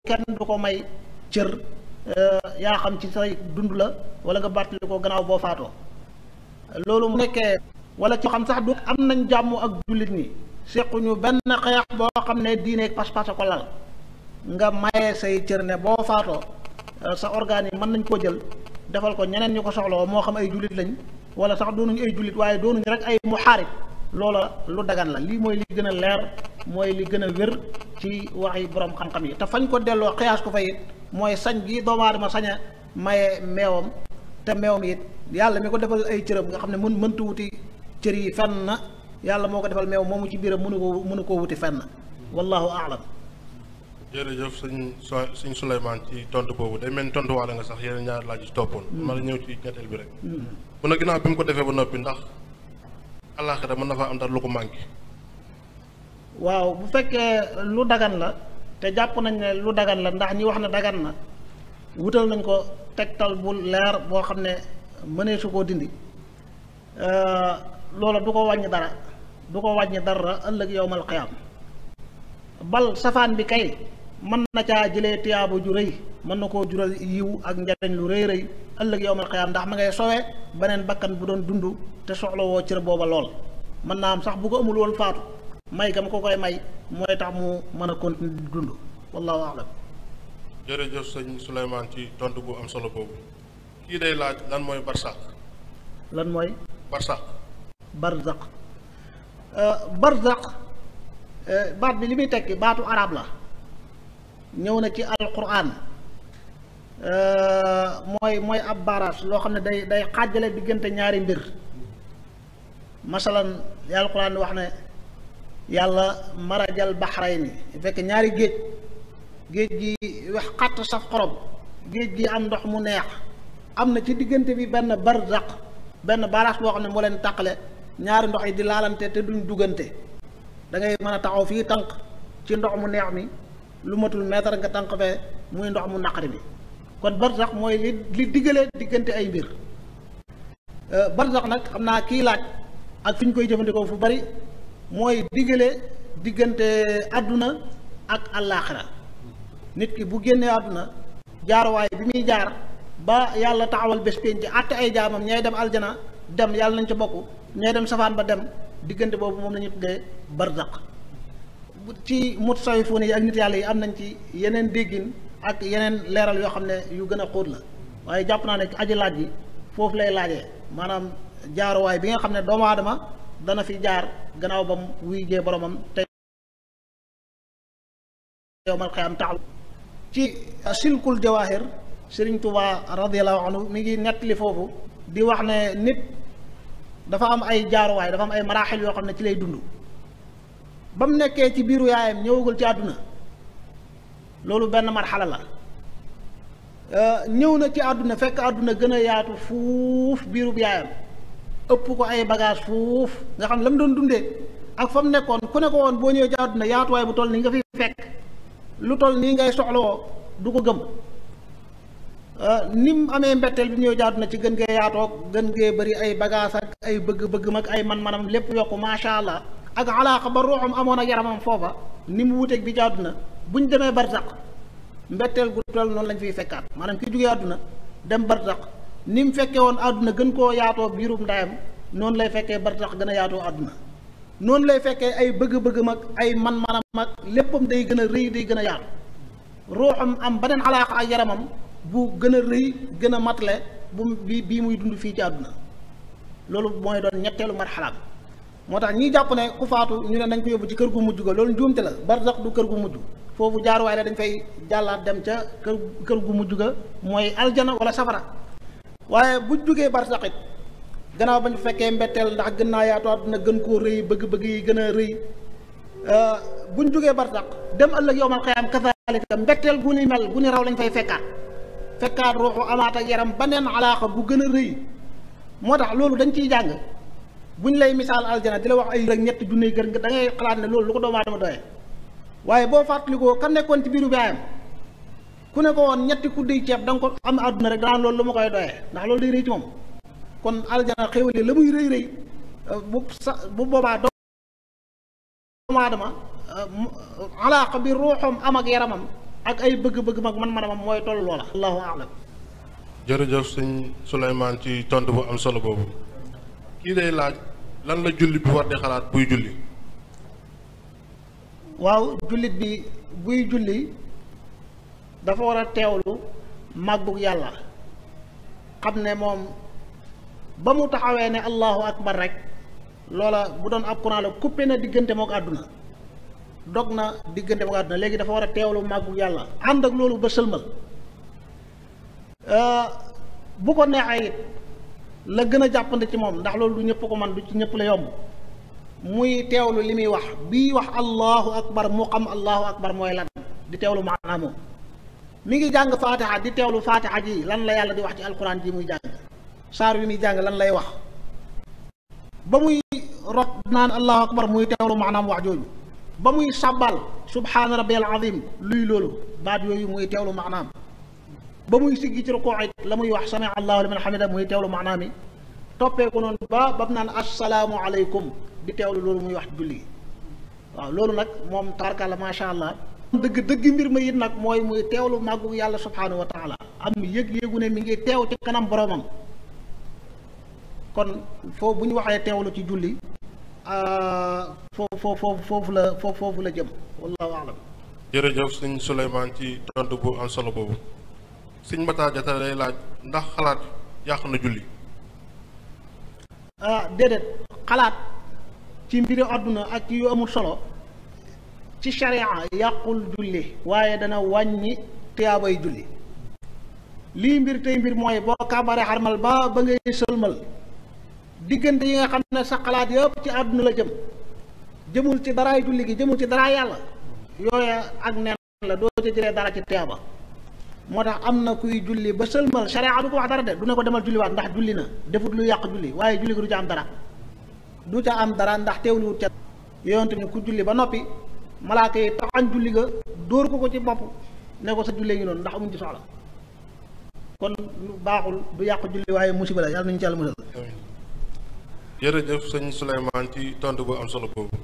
kenn du ko may cër euh, yaa xam ci say dund la wala nga bàttali ko gannaaw boo faatoo loolu mu nekkee wala ci xam sax du am nañ jàmm ak jullit ñi sequñu benn xeex boo xam ne diineeg pas-pas ko lal nga mayee say cër ne boo faatoo euh, sa organes yi mën nañ koo jël defal ko ñeneen ñu ko soxloo moo xam ay jullit lañ wala sax doonuñu ay jullit waaye doonuñu rek ay muxaarib loola lu dagan la lii mooy li gën a leer mooy li gën a wér ci wax waxi borom xam-xam yi te fañ ko delloo xiyaas ko fa it mooy sañ gi doomu aadama sañ a maye meewam te meewam it yàlla mi ko defal ay cëram nga xam ne mën mëntu wuti cër yi na yàlla moo ko defal meew moomu ci biiram mënu ko mënu koo wuti fenn wallahu aalam jërëjëf suñ suñ Souleymane ci tontu boobu day mel ni tontuwaale nga sax yeneen ñaar laaj ci toppoon. Mm. ma la ñëw ci ñetteel bi rek. Mm. mun a ginnaaw bi mu ko defee ba noppi ndax àllaaxira mën na faa am dara lu ko manqué. waaw bu fekkee lu dagan la te jàpp nañ ne lu dagan la ndax ñi wax ne dagan na wutal nañ ko tegtal bu leer boo xam ne mënee su koo dindi euh, loola du ko wàññi dara du ko wàññi dara ëllëg yowmal qiyaam bal safaan bi kay. mën na caa jëlee tiyaabo ju rëy mën na koo jural yiw ak njariñ lu rëy rëy ëllëg yowmal xiyaam ndax ma ngay sowee beneen bakkan bu doon dund te soxla woo cër booba lool mën naa am sax bu ko amul woon faatu may gam ko koy may mooy tax mu mën a continuer di dund wallahu alam jërëjëf sëñ Souleymane ci tontu bu am solo boobu kii day laaj lan mooy barsaq lan mooy barsaq barzaq euh, barzaq euh, baat bi li muy tekki baatu araab la ñëw na ci alquran euh, mooy mooy ab baraas loo xam ne day day xaajale diggante ñaari mbir masalan alquran wax ne yàlla marajal baxrayni fekk ñaari géej géej gi wax xàtt saf xorom géej gi am ndox mu neex am na ci diggante bi benn barzaq benn baraas boo xam ne moo leen taqale ñaari ndox yi di laalante te duñ duggante dangay mën a taxaw fii tànk ci ndox mu neex mi lu matul meetar nga tànq fee muy ndox mu naqari bi kon barsax mooy li li diggalee diggante ay mbir euh, barsax nag xam naa kii laaj ak fi ñu koy jëfandikoo fu bari mooy diggale diggante àdduna ak àllaaxira nit ki bu génnee àdduna jaarwaay bi muy jaar ba yàlla taxawal bés pénc ci àtte ay jaamam ñay dem aljana dem yàlla nañ ca bokk ñay dem safaan ba dem diggante boobu moom lañu ñu tuddee ci mutasawwifuun yi ak nit yàlla yi am nañ ci yeneen déggin ak yeneen leeral yoo xam ne yu gën a xóot la waaye jàpp naa ne aji laaj yi foofu lay laajee maanaam jaaruwaay bi nga xam ne doomu aadama dana fi jaar gannaaw bam mu wuy jee boromam te yowmal qiyaam taal ci silkul jawaahir Sëriñ Tuubaa radiyallahu anhu mi ngi nettali foofu di wax ne nit dafa am ay jaaruwaay dafa am ay maraaxil yoo xam ne ci lay dund ba mu nekkee ci biiru yaayam ñëwagul ci àdduna loolu benn marxala la euh, ñëw na ci àdduna fekk àdduna gën a yaatu fuuf biirub yaayam ëpp ko ay bagage fuuf nga xam ne la mu doon dundee ak fa mu nekkoon ku ne ko woon boo ñëwee ci àdduna yaatuwaay bu toll nii nga fi fekk lu toll nii ngay soxlawoo du ko gëm euh, ni mu amee mbetteel bi ñëw jaadu na ci gën gee yaatoo gën gee bari ay bagaas ay bëgg-bëgg mag ay man-manam lépp yokku macha allah ak xalaax ba ruuxam amoon ak yaramam foofa ni mu wuteeg bi ci àdduna bu ñu demee barzaq mbetteel gu toll noonu lañ fiy fekkaat maanaam ki jugee àdduna dem barzaq ni mu fekkee woon àdduna gën koo yaatoo biirum ndayam noonu lay fekkee barzaq gën a yaatoo àdduna noonu lay fekkee ay bëgg-bëgg mag ay man-manam mag léppam day gën a rëy day gën a yaatu ruuxam am beneen alaaqa ak yaramam bu gën a rëy gën a matale bu bi bii muy dund fii ci àdduna loolu mooy doon ñetteelu marxalaam moo tax ñi jàpp ne ku faatu ñu ne nañ ko yóbbu ci kër gu mujj ga loolu njuumte la barzax du kër gu mujj foofu jaaruwaay la dañ fay jàllaat dem ca kër gu mujj ga mooy aljana walla safara waaye bu jógee barzax it gannaaw ba ñu fekkee mbetteel ndax gën naa yaatu àdduna gën koo rëy bëgg-bëgg yi gën a rëy euh, bu ñu jógee barsax dem ëllëg yowmal xiyaam kasaalika mbetteel gu ni mel gu ni raw lañ fay fekkaat fekkaat ruuxu amaat ak yaram baneen alaaxa bu gën a rëy moo tax loolu dañ ciy jàng bu ñu lay misaal aljana di la wax ay rek ñetti junni gër da ngay xalaat ne loolu lu ko doomu aadama doyee waaye boo fàttalikoo ka nekkoon ci biiru baayam ku ne ko woon ñetti kuddiy ceeb da ko am àdduna rek danaan loolu lu ma koy doyee ndax loolu day rëy ci moom kon aljana xéwale la muy rëy rëy bu sa bu boobaa doomu aadama alaaqa bi ruuxam am ak yaramam ak ay bëgg-bëgg mag man-manamam mooy toll loola allahu alam jërëjëf sëñ Souleymane ci tontu bu am solo boobu kii day laaj lan la jullit bi war di xalaat buy julli waaw jullit bi buy julli dafa war a teewlu màggug yàlla xam ne moom ba mu taxawee ne allahu akbar rek loola bu doon ab courant la coupé na diggante mook àdduna dog na diggante mook àdduna léegi dafa war a teewlu màggug yàlla ànd ak loolu ba sëlmal euh, bu ko neexee it la gën a jàppandi ci moom ndax loolu du ñëpp ko man du ci ñëpp la yomb muy teewlu li muy wax bii wax allahu akbar mu xam allahu akbar mooy lan di teewlu maanaam moom ngi jàng faatiha di teewlu faatiha ji lan la yàlla di wax ci alquran ji muy jàng saar wi muy jàng lan lay wax ba muy rot naan allahu akbar muy teewlu maanaam wax jooju ba muy sàbbal subhaana rabbiyal azim luy loolu baat yooyu muy teewlu maanaam ba muy siggi ci rukoo it la muy wax sami allahu liman hamida muy teewlu maanaam mi toppee ko noonu ba ba mu naan assalaamu aleykum di teewlu loolu muy wax julli waaw loolu nag moom tabarkalla macha allah dëgg dëgg mbir ma it nag mooy muy teewlu màggu yàlla subhaanahu wa taala am yëg-yëgu ne mi ngi teew ci kanam boromam kon foofu bu ñu waxee teewlu ci julli ah, foofu foofu foofu la foofu la jëm wallahu alam jërëjëf sëñ Souleymane ci tontu bu am solo boobu sëñ Matar Diatta lay laaj ndax xalaat yàq na julli ah, déedéet xalaat ci mbiri àdduna ak yu amul solo ci sharia yàqul julli waaye dana wàññi tiyaabay julli lii mbir tey mbir mooy boo kaabare xarmal ba ba ngay sëlmal diggante yi nga xam ne sa xalaat yëpp ci àdduna la jëm jëmul ci daraay julli gi jëmul ci daraay yàlla yooya ak neen la doo ca jëlee dara ci tiyaaba moo tax am na kuy julli ba sëlmal sharia du ko wax dara de du ne ko demal julliwaat ndax julli na defut lu yàq julli waaye julli ko du ca am dara du ca am dara ndax teewluwut ca yonent bi ku julli ba noppi malaaka yi taxañ julli ga dóor ko ko ci bopp ne ko sa jullee ngi noonu ndax amuñ ci soxla kon lu baaxul du yàq julli waaye musiba la yàlla nañu ci yàlla musal jërëjëf sëñ Souleymane ci tontu bu am solo boobu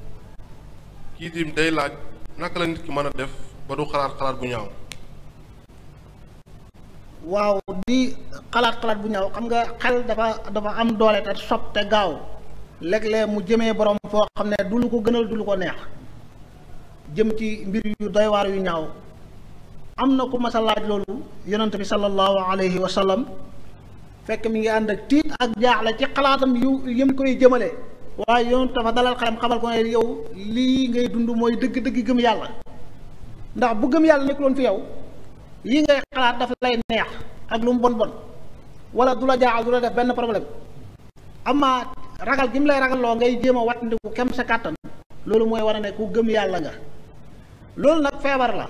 kii dim day laaj naka la nit ki mën a def ba du xalaat xalaat bu ñaaw waaw di xalaat xalaat bu ñaaw xam nga xel dafa dafa am doole te sob te gaaw léeg-léeg mu jëmee borom foo xam ne du lu ko gënal du lu ko neex jëm ci mbir yu doy yu ñaaw am na ko mas a laaj loolu yonent bi sallallahu alayhi mi ngi ànd ak ak jaaxle ci xalaatam yu yëm koy jëmale waaye yonent dafa dalal xelam xamal ko ne yow lii ngay dund mooy dëgg-dëgg gëm yàlla ndax bu gëm yàlla nekkuloon fi yow lii ngay xalaat daf lay neex ak lu mu bon bon wala du la jaaxal du la def benn problème amaa ragal gi mu lay ragal ngay jéem a wattandiku kem sa kàttan loolu mooy war a ne ku gëm yàlla nga loolu nag feebar la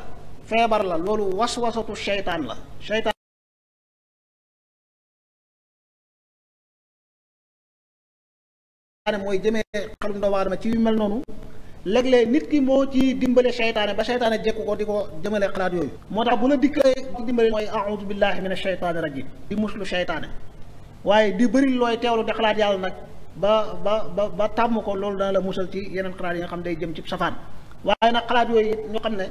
feebar la loolu was waswasatu seytaan la seytaan mooy jëmee xelum doomu aadama ci yu mel noonu léeg-léeg nit ki moo ci dimbale seytaane ba seytaane jekku ko di ko jëmale xalaat yooyu moo tax bu la dikkee di dimbale mooy audu billahi min asheytaani rajim di muslu seytaane waaye di bëri looy teewlu di xalaat yàlla nag ba ba ba ba tàmm ko loolu dana la musal ci yeneen xalaat yi nga xam day jëm ci safaan waaye nag xalaat yooyu ñu xam ne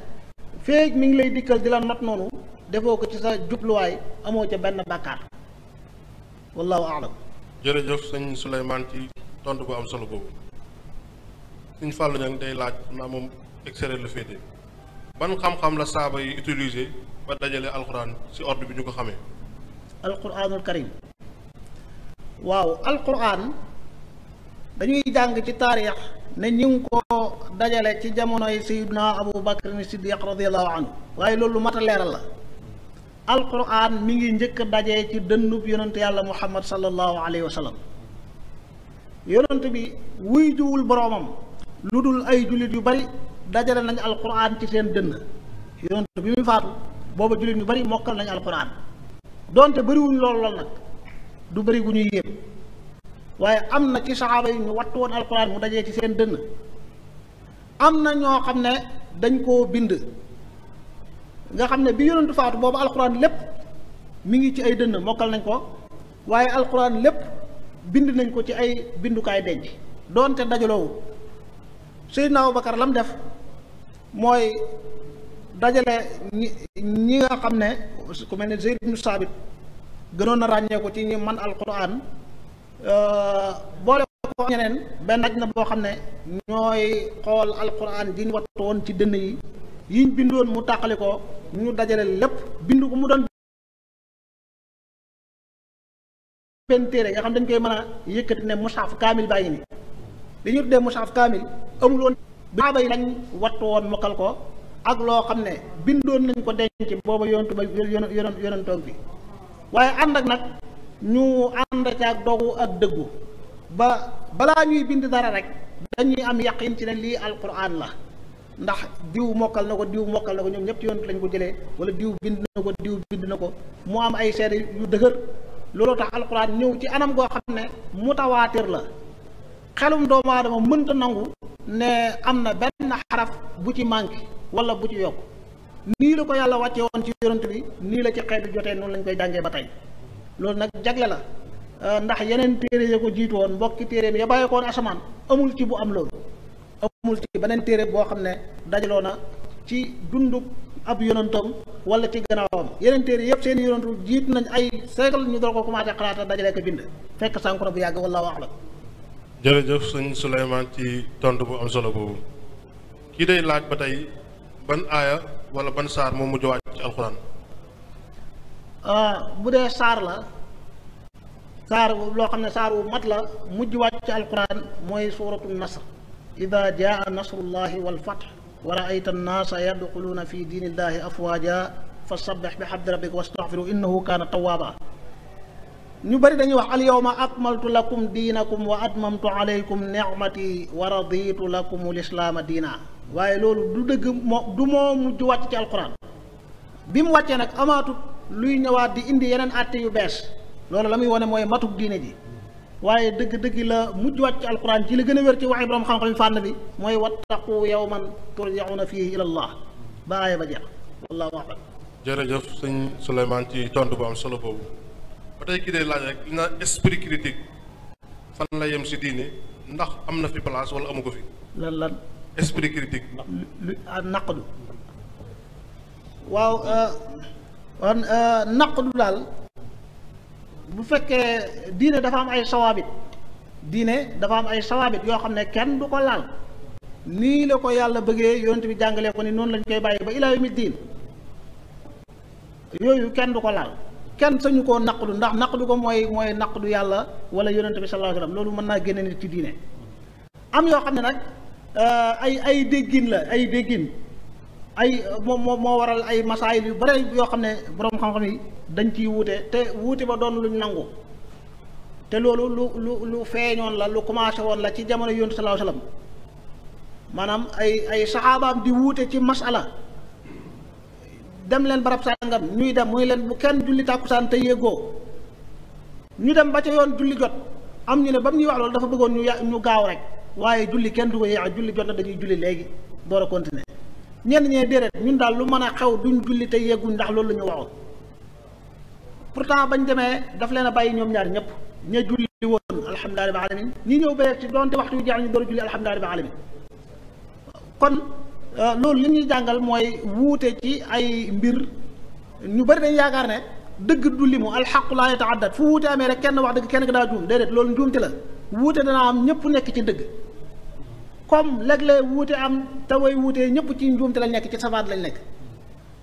feeg mi ngi lay dikkal di la not noonu defoo ko ci sa jubluwaay amoo ca benn bàkkaar wallahu aalam jërëjëf sëñ Souleymane ci tontu bu am solo boobu suñ fàllu ñang day laaj naa moom extérieur la féete ban xam-xam la saaba yi utiliser ba dajale alquran ci ordre bi ñu ko xamee alquranul karim waaw alquran dañuy jàng ci taarix ne ñu ko dajale ci jamonoy sayyiduna abu bakar ni siddiq radiallahu anhu waaye loolu mat a leeral la alquran mi ngi njëkk a dajee ci dënnub yonent yàlla muhammad sallallahu alayhi wa yonent bi wuy juwul boroomam lu dul ay jullit yu bari dajale nañu alquran ci seen dënn yonent bi muy faatu booba jullit yu bari mokkal nañu alquran donte bëriwuñ lool lool nag du bëri gu ñuy yéem waaye am na ci saxaaba yu ñu wattu woon alquran mu dajee ci seen dënn am na ñoo xam ne dañ koo bind nga xam ne bi yonentu faatu boobu alquran lépp mu ngi ci ay dënn mokkal nañ ko waaye alquran lépp bind nañ ko ci ay bindukaay denc donte dajaloowu Seydina Abubakar lam def mooy dajale ñi ñi nga xam ne ku mel ne Zeyd Saabit gënoon na ràññeeku ci ñi man alquran boole ko ñeneen benn daj na boo xam ne ñooy xool alquran ji ñu wattu woon ci dënn yi yiñ bindoon mu tàqali ko ñu dajale lépp bindu ko mu doon benn téere nga xam dañ koy mën a yëkkati ne mushaf kaamil bàyyi ni li ñu tuddee mushaf kaamil amul woon saaba yi lañ wattu woon mokkal ko ak loo xam ne bindoon nañ ko denc booba yonentu ba yonen yonentoog bi waaye ànd ak nag ñu ànd ak dogu ak dëggu ba balaa ñuy bind dara rek dañuy am yaqin ci ne lii alquran la ndax diw mokkal na ko diw mokkal na ko ñoom ñëpp ci yonent lañ ko jële wala diw bind na ko diw bind na ko mu am ay seede yu dëgër looloo tax alquran ñëw ci anam goo xam ne mu mutawaatir la xelum doomu aadama mënta nangu ne am na benn xaraf bu ci manqué wala bu ci yokk nii la ko yàlla wàcce woon ci yonent bi nii la ci xeetu jotee noonu lañ koy jàngee ba tey loolu nag jagle la euh, ndax yeneen téere ya ko jiitu woon mbokki téereem ya bàyyi ko woon asamaan amul ci bu am loolu amul ci beneen téere boo xam ne dajaloo na ci dundub ab yonantam wala ci gannaawam yeneen téere yëpp seen yonantu jiit nañ ay siècle ñu doon ko commencé xalaata dajale ko bind fekk sànku bu yàgg wala wax la jërëjëf sëñ Souleymane ci tontu bu am solo boobu kii day laaj ba tey ban aaya wala ban saar moo mujj wàcc ci alxuraan. Ah, bu dee saar la saar loo xam ne saar wu mat la mujj wàcc ci alxuraan mooy suuratu nasr ida jaa nasrullahi wal fath wa raayta annaasa yadxuluuna fi diinillahi afwaaja fa sabbix bi xamdi rabbika wastaxfiru innahu kaana tawaaba ñu bari dañuy wax alyawma akmaltu lakum diinakum wa atmamtu alaykum nicmati wa raditu lakum lislaama diina waaye loolu du dëgg moo du moo mujj wàcc ci alquran bi mu wàccee nag amaatut luy ñëwaat di indi yeneen àtte yu bees loolu la muy wane mooy matuk diine ji waaye dëgg-dëgg la mujj wàcc ci alquran ci li gën a wér ci waxi borom xam-xam yi fànn bi mooy wattaqu yawman turjauna fihi ila allah baaye ba jeex wallahu alam jërëjëf sëñ Souleymane ci tontu bu am solo boobu ba tey kii day laaj rek li esprit critique fan la yem si diine ndax am na fi place wala amu ko fi. lan lan. esprit critique. lu ah, naqdu waaw kon euh, euh, naqdu daal bu fekkee diine dafa am ay sawaabit diine dafa am ay sawaabit yoo xam ne kenn du ko laal. nii la ko yàlla bëggee yonent bi jàngalee ko ni noonu lañ koy bàyyi ba ilaa yawmi diin yooyu kenn du ko laal. kenn sañu koo naqdu ndax naq naqdu ko mooy mooy du yàlla wala yonente bi sallallahu alayhi loolu mën naa génne nit ci diine am yoo xam ne nag euh, ay ay déggin la ay déggin ay moo moo moo waral ay masaayil yu bare yoo xam ne boroom xam-xam yi dañ ciy wuute te wuute ba doon luñ nangu te loolu lu lu lu feeñoon la lu commencé woon la ci jamono yonente sallallahu alayhi maanaam ay ay saxaabaam di wuute ci masala dem leen barab sàngam ñuy dem muy leen bu kenn julli tàkkusaan te yéegoo ñu dem ba ca yoon julli jot am ñu ne ba mu ñuy wax loolu dafa bëggoon ñu ñu gaaw rek waaye julli kenn du ko yéex julli jot na dañuy julli léegi door a continuer ñenn ñee déedéet ñun daal lu mën a xew duñ julli te yéeguñ ndax loolu la ñu waxoon pourtant bañ demee daf leen a bàyyi ñoom ñaar ñëpp ña julli woon alhamdulilah rabbil alamin ñi ñëw ba ci doonte waxtu yu jeex ñu door a julli alhamdulilah rabbil alamin Euh, loolu li ñuy jàngal mooy wuute ci ay mbir ñu bari dañ yaakaar ne dëgg du limu alxaqu laa yata'addad fu wuute amee rek kenn wax dëgg kenn ki daa juum déedéet loolu njuumte la wuute danaa am ñëpp nekk ci dëgg kom léeg-léeg wuute am way wuute ñëpp ci njuumte lañ nekk ci safaat lañ nekk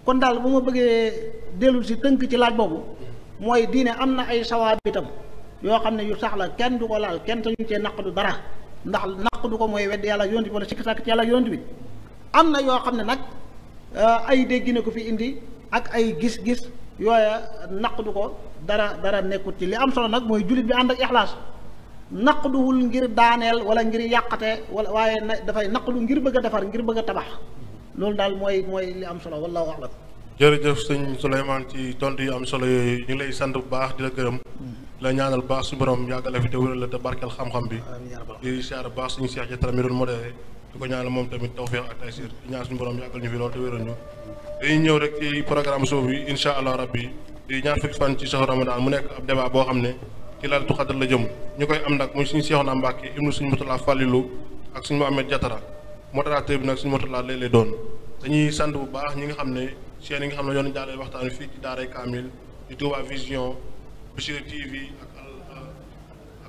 kon daal bu ma bëggee dellu si tënk ci laaj boobu mooy diine am na ay sawaabitam yoo xam ne yu sax la kenn du ko laal kenn sañu cee naqdu dara ndax naqdu ko mooy yàlla yonent bi wala sikk sàkk ci yàlla yonent am na yoo xam ne nag euh, ay dégg na ko fi indi ak ay gis-gis yooya naqdu ko dara dara nekkut ci li am solo nag mooy jullit bi ànd ak ixlaas naqduwul ngir daaneel wala ngir yàqate wala waaye na dafay naqdu ngir bëgg a defar ngir bëgg a tabax loolu daal mooy mooy li am solo la wallahu a'lam jërëjëf sëñ Souleymane ci tontu yu am solo yooyu ñu lay sant bu baax di la gërëm mm-hmm. la ñaanal baax su borom yàggale fi te wéral la te barkeel xam-xam bi di siyaar baax suñu seex ja doon modéré di ko ñaanal moom tamit tawfeex ak taysir di ñaan suñu borom yàggal ñu fi loolu te wéral ñu dañuy ñëw rek ci programme soof bi incha allah rabbi di ñaar fukki fan ci saxu ramadan mu nekk ab débat boo xam ne ci lalatu xadar la jëm ñu koy am nag muy suñu Seexuna Mbàkke ibnu suñu Murtala Fàllilu ak suñu Mohamed Jatara modérateur bi nag suñu Murtala lay lay doon dañuy sant bu baax ñi nga xam ne chaîne yi nga xam ne yoon jàllale waxtaan fii ci Daaray Kaamil di Touba Vision